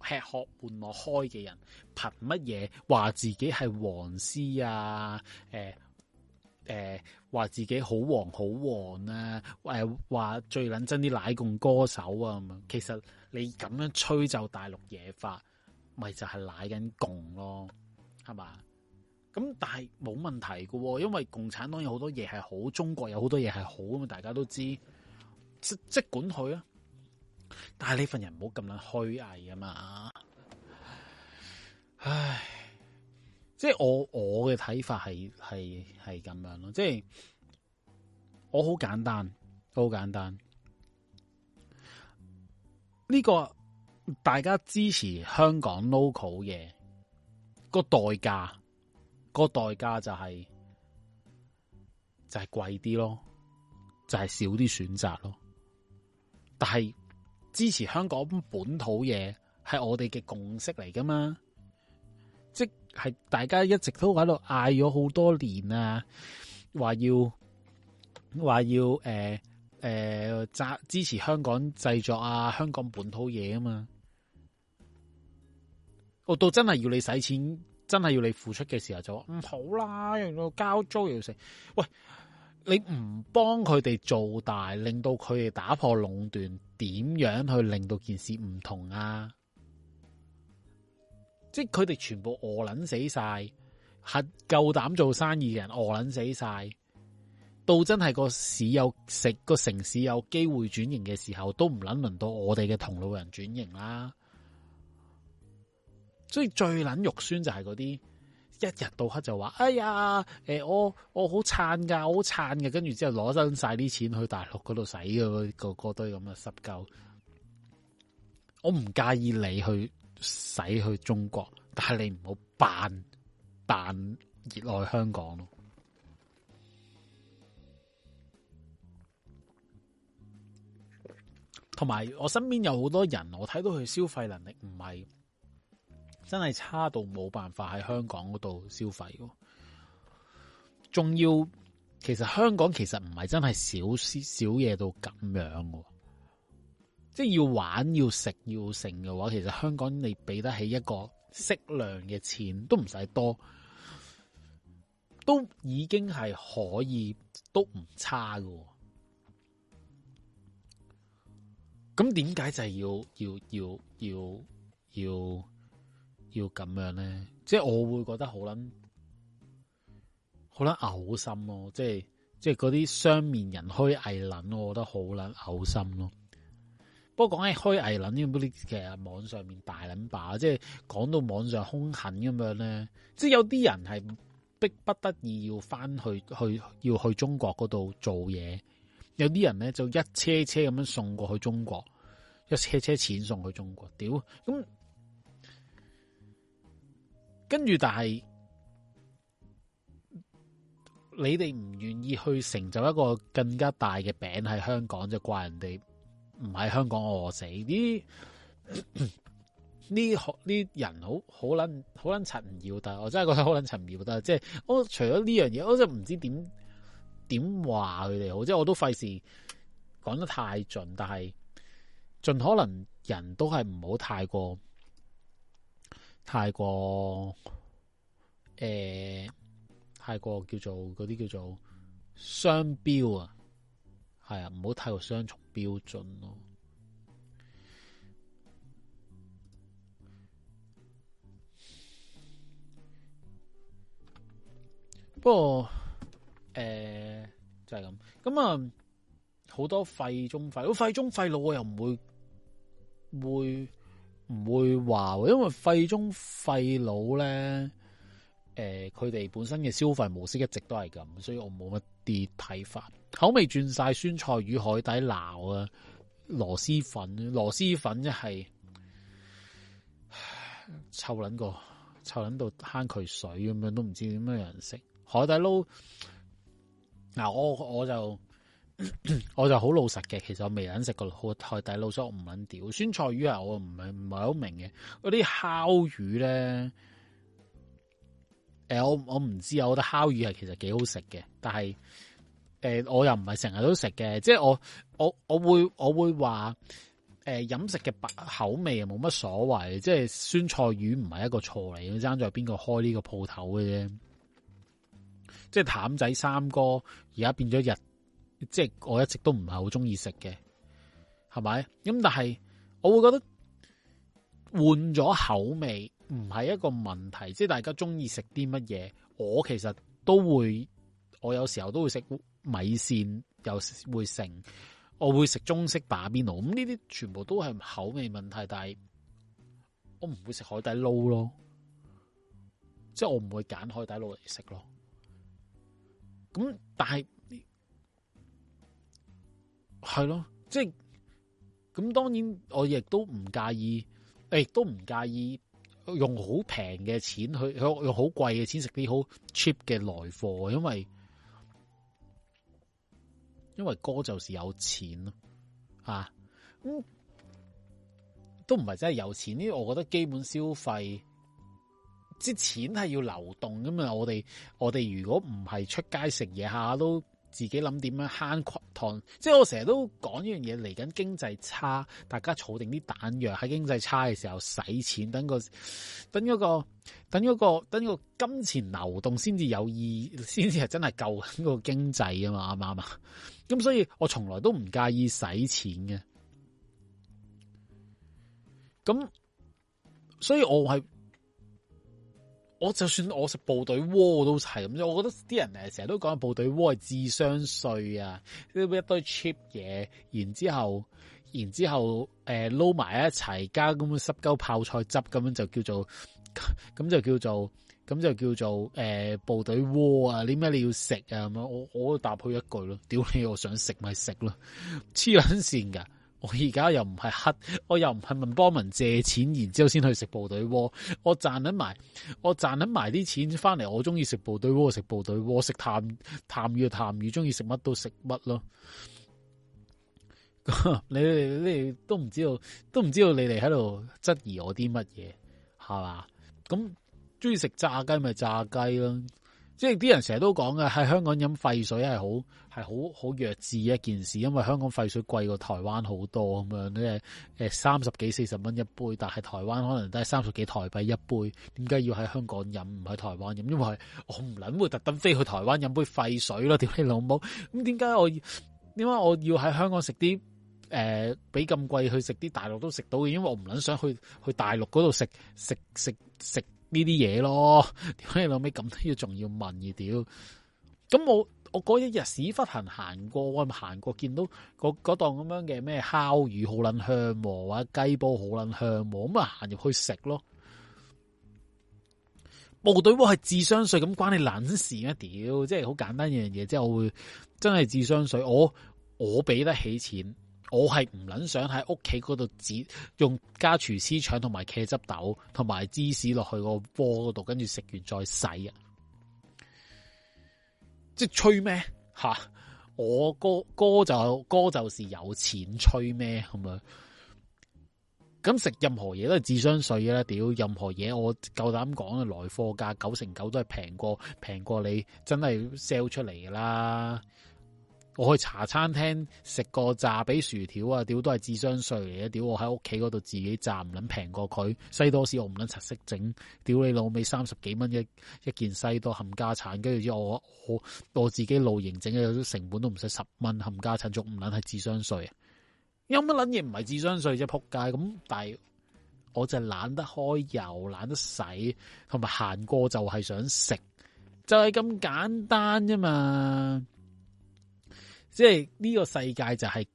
A: 吃喝玩樂開嘅人憑乜嘢話自己係黃絲啊？誒、呃、誒，話、呃、自己好黃好黃啦？誒、呃，話最捻憎啲奶共歌手啊？咁啊，其實你咁樣吹大陸就大陸嘢發，咪就係奶緊共咯，係嘛？咁但係冇問題噶，因為共產黨有好多嘢係好，中國有很多好多嘢係好啊嘛，大家都知道。即即管佢啊！但係呢份人唔好咁樣虛偽啊嘛！唉，即係我我嘅睇法係係係咁樣咯。即係我好簡單，好簡單。呢個大家支持香港 local 嘅個代價，個代價就係就係貴啲咯，就係少啲選擇咯，但係。支持香港本土嘢，係我哋嘅共識嚟噶嘛？即係大家一直都喺度嗌咗好多年啊，話要話要誒誒，扎、呃呃、支持香港製作啊，香港本土嘢啊嘛。我到真係要你使錢，真係要你付出嘅時候就話，就唔好啦，又要交租又要食，喂。你唔幫佢哋做大，令到佢哋打破壟斷，點樣去令到件事唔同啊？即係佢哋全部餓捻死曬，係夠膽做生意嘅人餓捻死曬，到真係個市有食、個城市有機會轉型嘅時候，都唔捻輪到我哋嘅同路人轉型啦。所以最捻肉酸就係嗰啲。一日到黑就話：哎呀，欸、我我好慘㗎，我好慘嘅，跟住之後攞翻晒啲錢去大陸嗰度使嘅，個堆咁嘅濕鳩。我唔介意你去使去中國，但係你唔好扮扮熱愛香港咯。同埋我身邊有好多人，我睇到佢消費能力唔係。真係差到冇辦法喺香港嗰度消費，仲要其實香港其實唔係真係少少嘢到咁樣嘅，即係要玩要食要成嘅話，其實香港你俾得起一個適量嘅錢都唔使多，都已經係可以都唔差喎。咁點解就係要要要要要要要要要要咁樣咧，即係我會覺得好捻，好捻嘔心咯、哦。即係即係嗰啲雙面人虛偽撚，我覺得好捻嘔心咯、哦。不過講起虛偽撚呢，嗰、哎、啲其實網上面大捻把，即係講到網上凶狠咁樣咧。即係有啲人係逼不得已要翻去去要去中國嗰度做嘢，有啲人咧就一車車咁樣送過去中國，一車車錢送去中國，屌咁。跟住，但係你哋唔願意去成就一個更加大嘅餅喺香港，就怪人哋唔喺香港餓死啲呢？呢 人好好捻好捻陳，唔要得。我真係覺得好捻陳，唔要得。即係我除咗呢樣嘢，我真唔知點點話佢哋好。即係我都費事講得太盡，但係盡可能人都係唔好太過。太過誒、呃，太過叫做嗰啲叫做雙標啊，係啊，唔好太過雙重標準咯。不過誒、呃，就係咁咁啊，好多廢中廢，廢中廢佬，我又唔會會。會唔會話因為廢中廢佬咧，誒佢哋本身嘅消費模式一直都係咁，所以我冇乜啲睇法。口味轉晒，酸菜魚、啊就是、海底撈啊、螺螄粉，螺螄粉一係臭撚個，臭撚到坑渠水咁樣，都唔知點樣有人食海底撈。嗱，我我就～ 我就好老實嘅，其實我未捻食過海底撈，所以我唔捻屌酸菜魚啊，我唔係唔係好明嘅嗰啲烤魚咧。誒、呃，我我唔知啊，我覺得烤魚係其實幾好食嘅，但係誒、呃、我又唔係成日都食嘅，即係我我我會我會話誒、呃、飲食嘅口味冇乜所謂，即係酸菜魚唔係一個錯嚟嘅，爭在邊個開呢個鋪頭嘅啫。即係譚仔三哥而家變咗日。即係我一直都唔係好中意食嘅，係咪？咁但係我會覺得換咗口味唔係一個問題，即係大家中意食啲乜嘢，我其實都會，我有時候都會食米線，又會食，我會食中式打邊爐，咁呢啲全部都係口味問題，但係我唔會食海底撈咯，即係我唔會揀海底撈嚟食咯，咁但係。係咯，即係咁，當然我亦都唔介意，誒，都唔介意用好平嘅錢去去用好貴嘅錢食啲好 cheap 嘅來貨，因為因為哥就是有錢咯，啊，咁、嗯、都唔係真係有錢，呢，我覺得基本消費，即錢係要流動噶嘛，我哋我哋如果唔係出街食嘢下下都。自己諗點樣慳礦燙，即係我成日都講呢樣嘢，嚟緊經濟差，大家儲定啲彈藥喺經濟差嘅時候使錢，等個等嗰個等嗰個等嗰個金錢流動先至有意，先至係真係救緊個經濟啊嘛，啱唔啱啊？咁所以我從來都唔介意使錢嘅，咁所以我係。我就算我食部隊鍋都係咁啫，我覺得啲人誒成日都講部隊鍋係智商稅啊，咁一堆 cheap 嘢，然之後，然之後誒撈埋一齊，加咁濕鳩泡菜汁咁樣就叫做，咁就叫做，咁就叫做誒、呃、部隊鍋啊！你咩你要食啊？咁樣我我答佢一句咯，屌你！我想食咪食咯，黐撚線噶。我而家又唔係黑，我又唔係問幫民借錢，然之後先去食部隊鍋。我賺緊埋，我賺緊埋啲錢翻嚟，我中意食部隊鍋、食部隊鍋、食探探魚、探魚，中意食乜都食乜咯。你哋你哋都唔知道，都唔知道你哋喺度質疑我啲乜嘢，係嘛？咁中意食炸雞咪炸雞咯。即係啲人成日都講嘅喺香港飲廢水係好係好好弱智一件事，因為香港廢水貴過台灣好多咁樣咧，誒三十幾四十蚊一杯，但係台灣可能都係三十幾台幣一杯，點解要喺香港飲唔喺台灣飲？因為我唔撚會特登飛去台灣飲杯廢水咯，屌你老母！咁點解我點解我要喺香港食啲誒畀咁貴去食啲大陸都食到嘅？因為我唔撚想去去大陸嗰度食食食食。呢啲嘢咯，點解你老尾咁都要仲要問嘢、啊，屌！咁我我嗰一日屎忽行行過，咁行過見到嗰檔咁樣嘅咩烤魚好撚香喎、哦，或者雞煲好撚香喎、哦，咁啊行入去食咯。部隊鍋係智商稅，咁關你撚事咩？屌、啊！即係好簡單一樣嘢，即係我會真係智商稅，我我俾得起錢。我係唔捻想喺屋企嗰度只用加廚師腸同埋茄汁豆同埋芝士落去個煲嗰度，跟住食完再洗啊！即係吹咩吓？啊？我哥哥就哥就是有錢吹咩咁樣？咁食任何嘢都係智商稅嘅啦！屌任何嘢，我夠膽講嘅來貨價九成九都係平過平過你真係 sell 出嚟㗎啦！我去茶餐廳食個炸髀薯條啊，屌都係智商稅嚟嘅，屌我喺屋企嗰度自己炸，唔撚平過佢西多士我能，我唔撚拆息整，屌你老味三十幾蚊一一件西多冚家產，跟住之後我我我，我自己露營整嘅，成本都唔使十蚊冚家產，仲唔撚係智商稅啊？有乜撚嘢唔係智商稅啫？仆街咁，但係我就懶得開油，懶得洗，同埋行過就係想食，就係、是、咁簡單啫嘛。即係呢個世界就係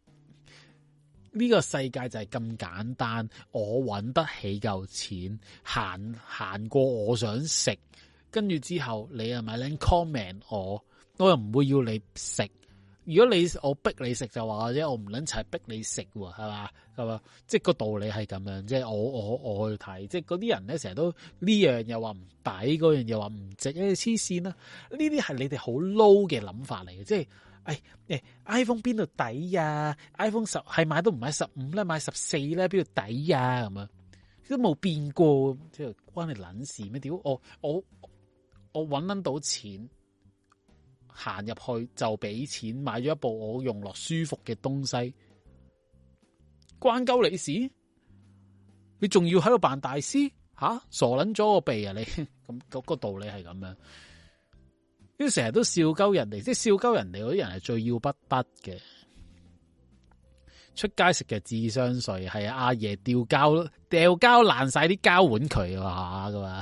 A: 呢個世界就係咁簡單，我揾得起嚿錢，行行過我想食，跟住之後你係咪嚟 comment 我，我又唔會要你食。如果你我逼你食就話，或者我唔捻齊逼你食係嘛，係嘛，即係個道理係咁樣。即係我我我去睇，即係嗰啲人咧成日都呢樣又話唔抵，嗰樣又話唔值，哎黐線啦。呢啲係你哋好 low 嘅諗法嚟嘅，即係。誒、哎，誒、哎，iPhone 邊度抵啊？iPhone 十係買都唔買十五咧，買十四咧，邊度抵啊？咁樣，都冇變過，即係關你撚事咩？屌我我我揾捻到錢行入去就俾錢買咗一部我用落舒服嘅東西，關鳩你事？你仲要喺度扮大師吓、啊？傻捻咗個鼻啊你？咁 嗰個道理係咁樣。啲成日都笑鳩人哋，即係笑鳩人哋嗰啲人係最要不得嘅。出街食嘅智商稅係阿爺掉膠，掉膠爛晒啲膠碗佢話噶嘛。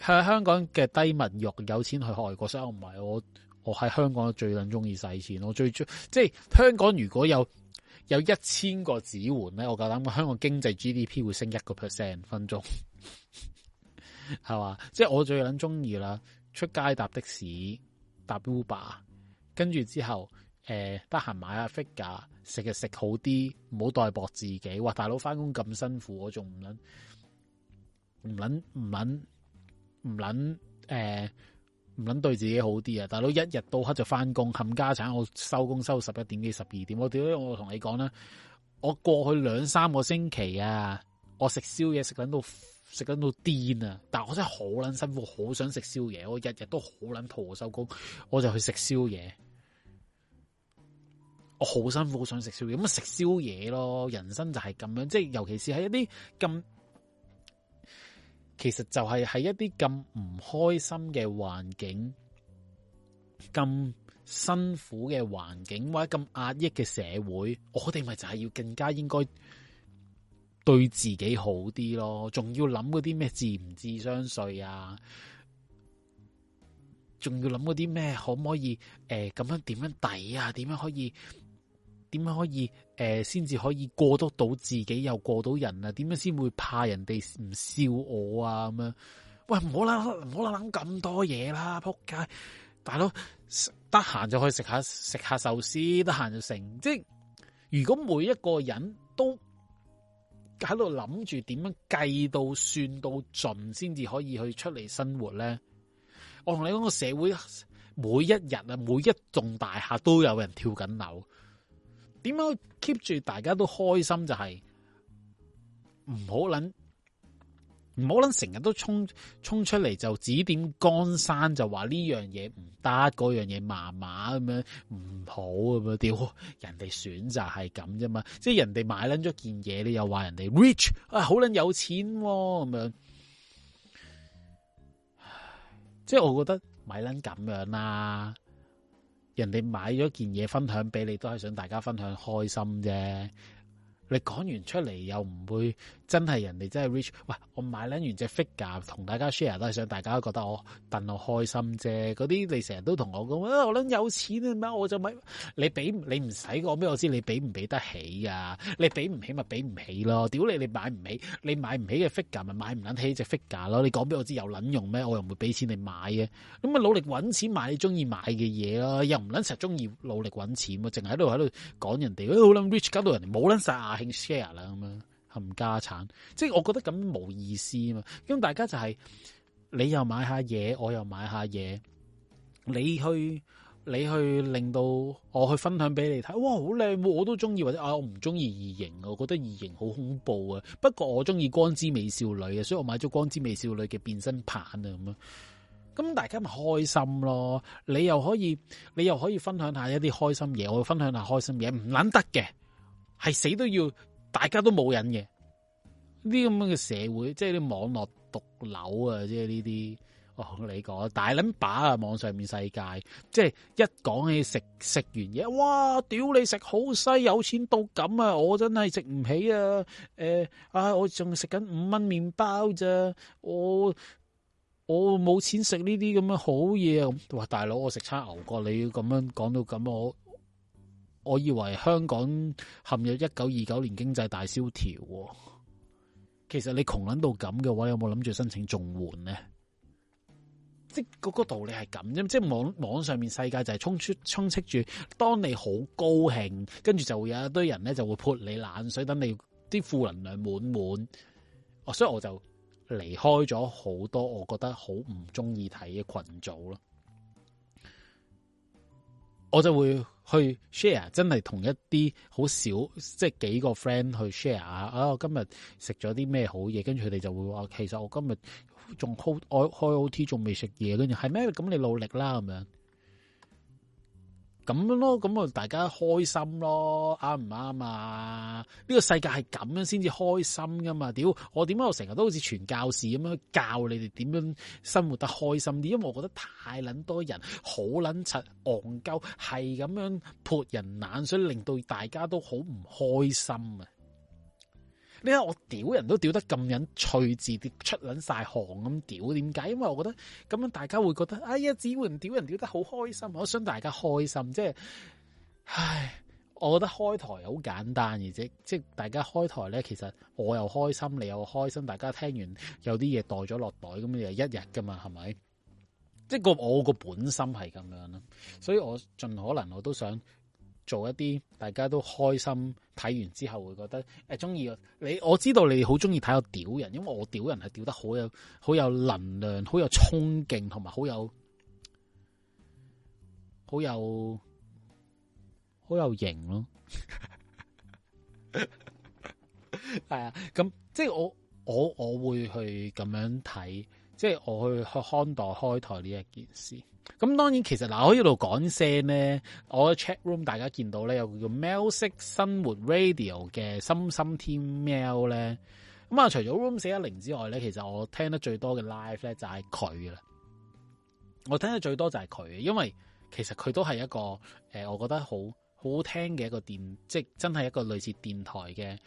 A: 向香港嘅低物慾有錢去外國，所以我唔係我我喺香港最撚中意使錢，我最中即係香港如果有有一千個子桓咧，我夠膽講香港經濟 GDP 會升一個 percent 分鐘係嘛？即係我最撚中意啦。出街搭的士、搭 Uber，跟住之後，呃、得閒買下 figure，食就食好啲，唔好代薄自己。哇，大佬翻工咁辛苦，我仲唔撚唔撚唔撚唔撚誒唔撚對自己好啲啊！大佬一日到黑就翻工，冚家產，我收工收十一點幾十二點，我屌！我同你講啦，我過去兩三個星期啊，我食宵夜食緊到。食緊到癲啊！但係我真係好捻辛苦，好想食宵夜。我日日都好捻早我收工，我就去食宵夜。我好辛苦，好想食宵夜。咁啊食宵夜咯！人生就係咁樣，即係尤其是係一啲咁，其實就係喺一啲咁唔開心嘅環境、咁辛苦嘅環境或者咁壓抑嘅社會，我哋咪就係要更加應該。對自己好啲咯，仲要諗嗰啲咩自唔智商稅啊？仲要諗嗰啲咩可唔可以？誒、呃、咁樣點樣抵啊？點樣可以？點樣可以？誒先至可以過得到自己又過到人啊？點樣先會怕人哋唔笑我啊？咁樣喂，唔好啦，唔好啦，諗咁多嘢啦！撲街，大佬得閒就可以食下食下壽司，得閒就成。即如果每一個人都。喺度諗住點樣計到算到盡，先至可以去出嚟生活咧。我同你講個社會每，每一日啊，每一棟大廈都有人跳緊樓。點樣 keep 住大家都開心就係唔好諗。唔好撚成日都衝衝出嚟就指點江山，就話呢樣嘢唔得，嗰樣嘢麻麻咁樣唔好咁樣。屌人哋選擇係咁啫嘛，即係人哋買捻咗件嘢，你又話人哋 rich 啊，好捻有錢咁、啊、樣。即係我覺得買捻咁樣啦，人哋買咗件嘢分享俾你，都係想大家分享開心啫。你講完出嚟又唔會真係人哋真係 rich，喂，我買撚完隻 figure 同大家 share 都係想大家都覺得我戥我開心啫。嗰啲你成日都同我講、啊，我撚有錢咩？我就咪你俾你唔使講俾我知你俾唔俾得起啊？你俾唔起咪俾唔起咯，屌你！你買唔起，你買唔起嘅 figure 咪買唔撚起隻 figure 咯。你講俾我知有撚用咩？我又唔會俾錢你買嘅。咁咪努力揾錢買你中意買嘅嘢咯。又唔撚成日中意努力揾錢嘛？淨係喺度喺度講人哋、哎，我好撚 rich，搞到人哋冇撚晒。share 啦咁樣冚家產，即係我覺得咁冇意思啊嘛。咁大家就係、是、你又買下嘢，我又買下嘢，你去你去令到我去分享俾你睇，哇好靚，我都中意或者啊我唔中意異形，我覺得異形好恐怖啊。不過我中意光之美少女啊，所以我買咗光之美少女嘅變身棒啊咁樣。咁大家咪開心咯，你又可以你又可以分享下一啲開心嘢，我分享下開心嘢唔捻得嘅。係死都要，大家都冇癮嘅。呢啲咁樣嘅社會，即係啲網絡毒瘤啊！即係呢啲，我、哦、你講大撚把啊，網上面世界，即係一講起食食完嘢，哇！屌你食好犀，有錢到咁啊！我真係食唔起啊！誒、呃哎、啊，我仲食緊五蚊麵包咋？我我冇錢食呢啲咁嘅好嘢啊！哇！大佬，我食餐牛角，你要咁樣講到咁我？我以為香港陷入一九二九年經濟大蕭條，其實你窮捻到咁嘅話，有冇諗住申請綜援呢？即係嗰個道理係咁啫，即係網網上面世界就係充出充斥住，當你好高興，跟住就會有一堆人咧就會潑你冷水，等你啲負能量滿滿。哦，所以我就離開咗好多我覺得好唔中意睇嘅群組咯，我就會。去 share 真係同一啲好少，即係幾個 friend 去 share 啊！啊，我今日食咗啲咩好嘢，跟住佢哋就會話，其實我今日仲開開 OT，仲未食嘢，跟住係咩？咁你努力啦咁樣。咁樣咯，咁啊大家開心咯，啱唔啱啊？呢個世界係咁樣先至開心噶嘛？屌，我點解我成日都好似傳教士咁樣教你哋點樣生活得開心啲？因為我覺得太撚多人，好撚柒，戇鳩，係咁樣潑人冷水，令到大家都好唔開心啊！你睇我屌人都屌得咁人趣字跌出捻晒汗咁屌，點解？因為我覺得咁樣大家會覺得，哎呀子桓屌，屌人屌得好開心，我想大家開心，即係，唉，我覺得開台好簡單，而且即係大家開台咧，其實我又開心，你又開心，大家聽完有啲嘢袋咗落袋，咁你又一日噶嘛，係咪？即係個我個本心係咁樣咯，所以我盡可能我都想。做一啲大家都開心，睇完之後會覺得，誒，鍾意。你我知道你好鍾意睇我屌人，因為我屌人係屌得好有好有能量，好有衝勁，同埋好有好有好有型囉。係 啊，咁即係我我我會去咁樣睇。即係我去看待開台呢一件事，咁當然其實嗱，喺呢度講聲咧，我，我 chat room 大家見到咧有個叫 Mel 生活 Radio 嘅心心添 mail 咧，咁啊除咗 room 四一零之外咧，其實我聽得最多嘅 live 咧就係佢啦，我聽得最多就係佢，因為其實佢都係一個誒，我覺得好好聽嘅一個電，即係真係一個類似電台嘅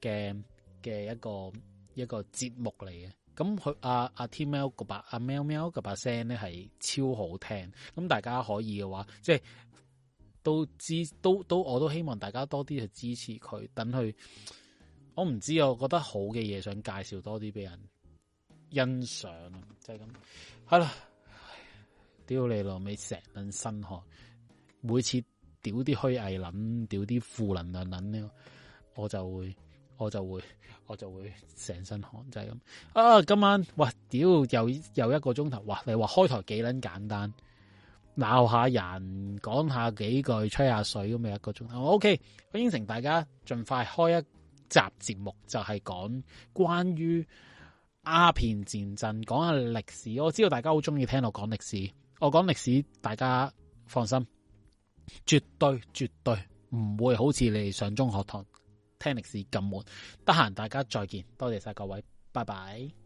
A: 嘅嘅一個一個節目嚟嘅。咁佢阿阿 team 喵個把阿喵喵個把聲咧係超好聽，咁大家可以嘅話，即係都支都都，我都希望大家多啲去支持佢，等佢。我唔知，我覺得好嘅嘢想介紹多啲俾人欣賞，即係係咁。係啦，屌你老味，成身汗，每次屌啲虛偽諗，屌啲負能量諗咧，我就會。我就會，我就會成身汗，就係咁。啊，今晚哇屌，又又一個鐘頭，哇！你話開台幾捻簡單，鬧下人，講下幾句，吹下水咁樣一個鐘頭。OK，我應承大家，盡快開一集節目，就係講關於鴉片戰爭，講下歷史。我知道大家好中意聽我講歷史，我講歷史，大家放心，絕對絕對唔會好似你上中學堂。聽歷史咁悶，得閒大家再見，多謝晒各位，拜拜。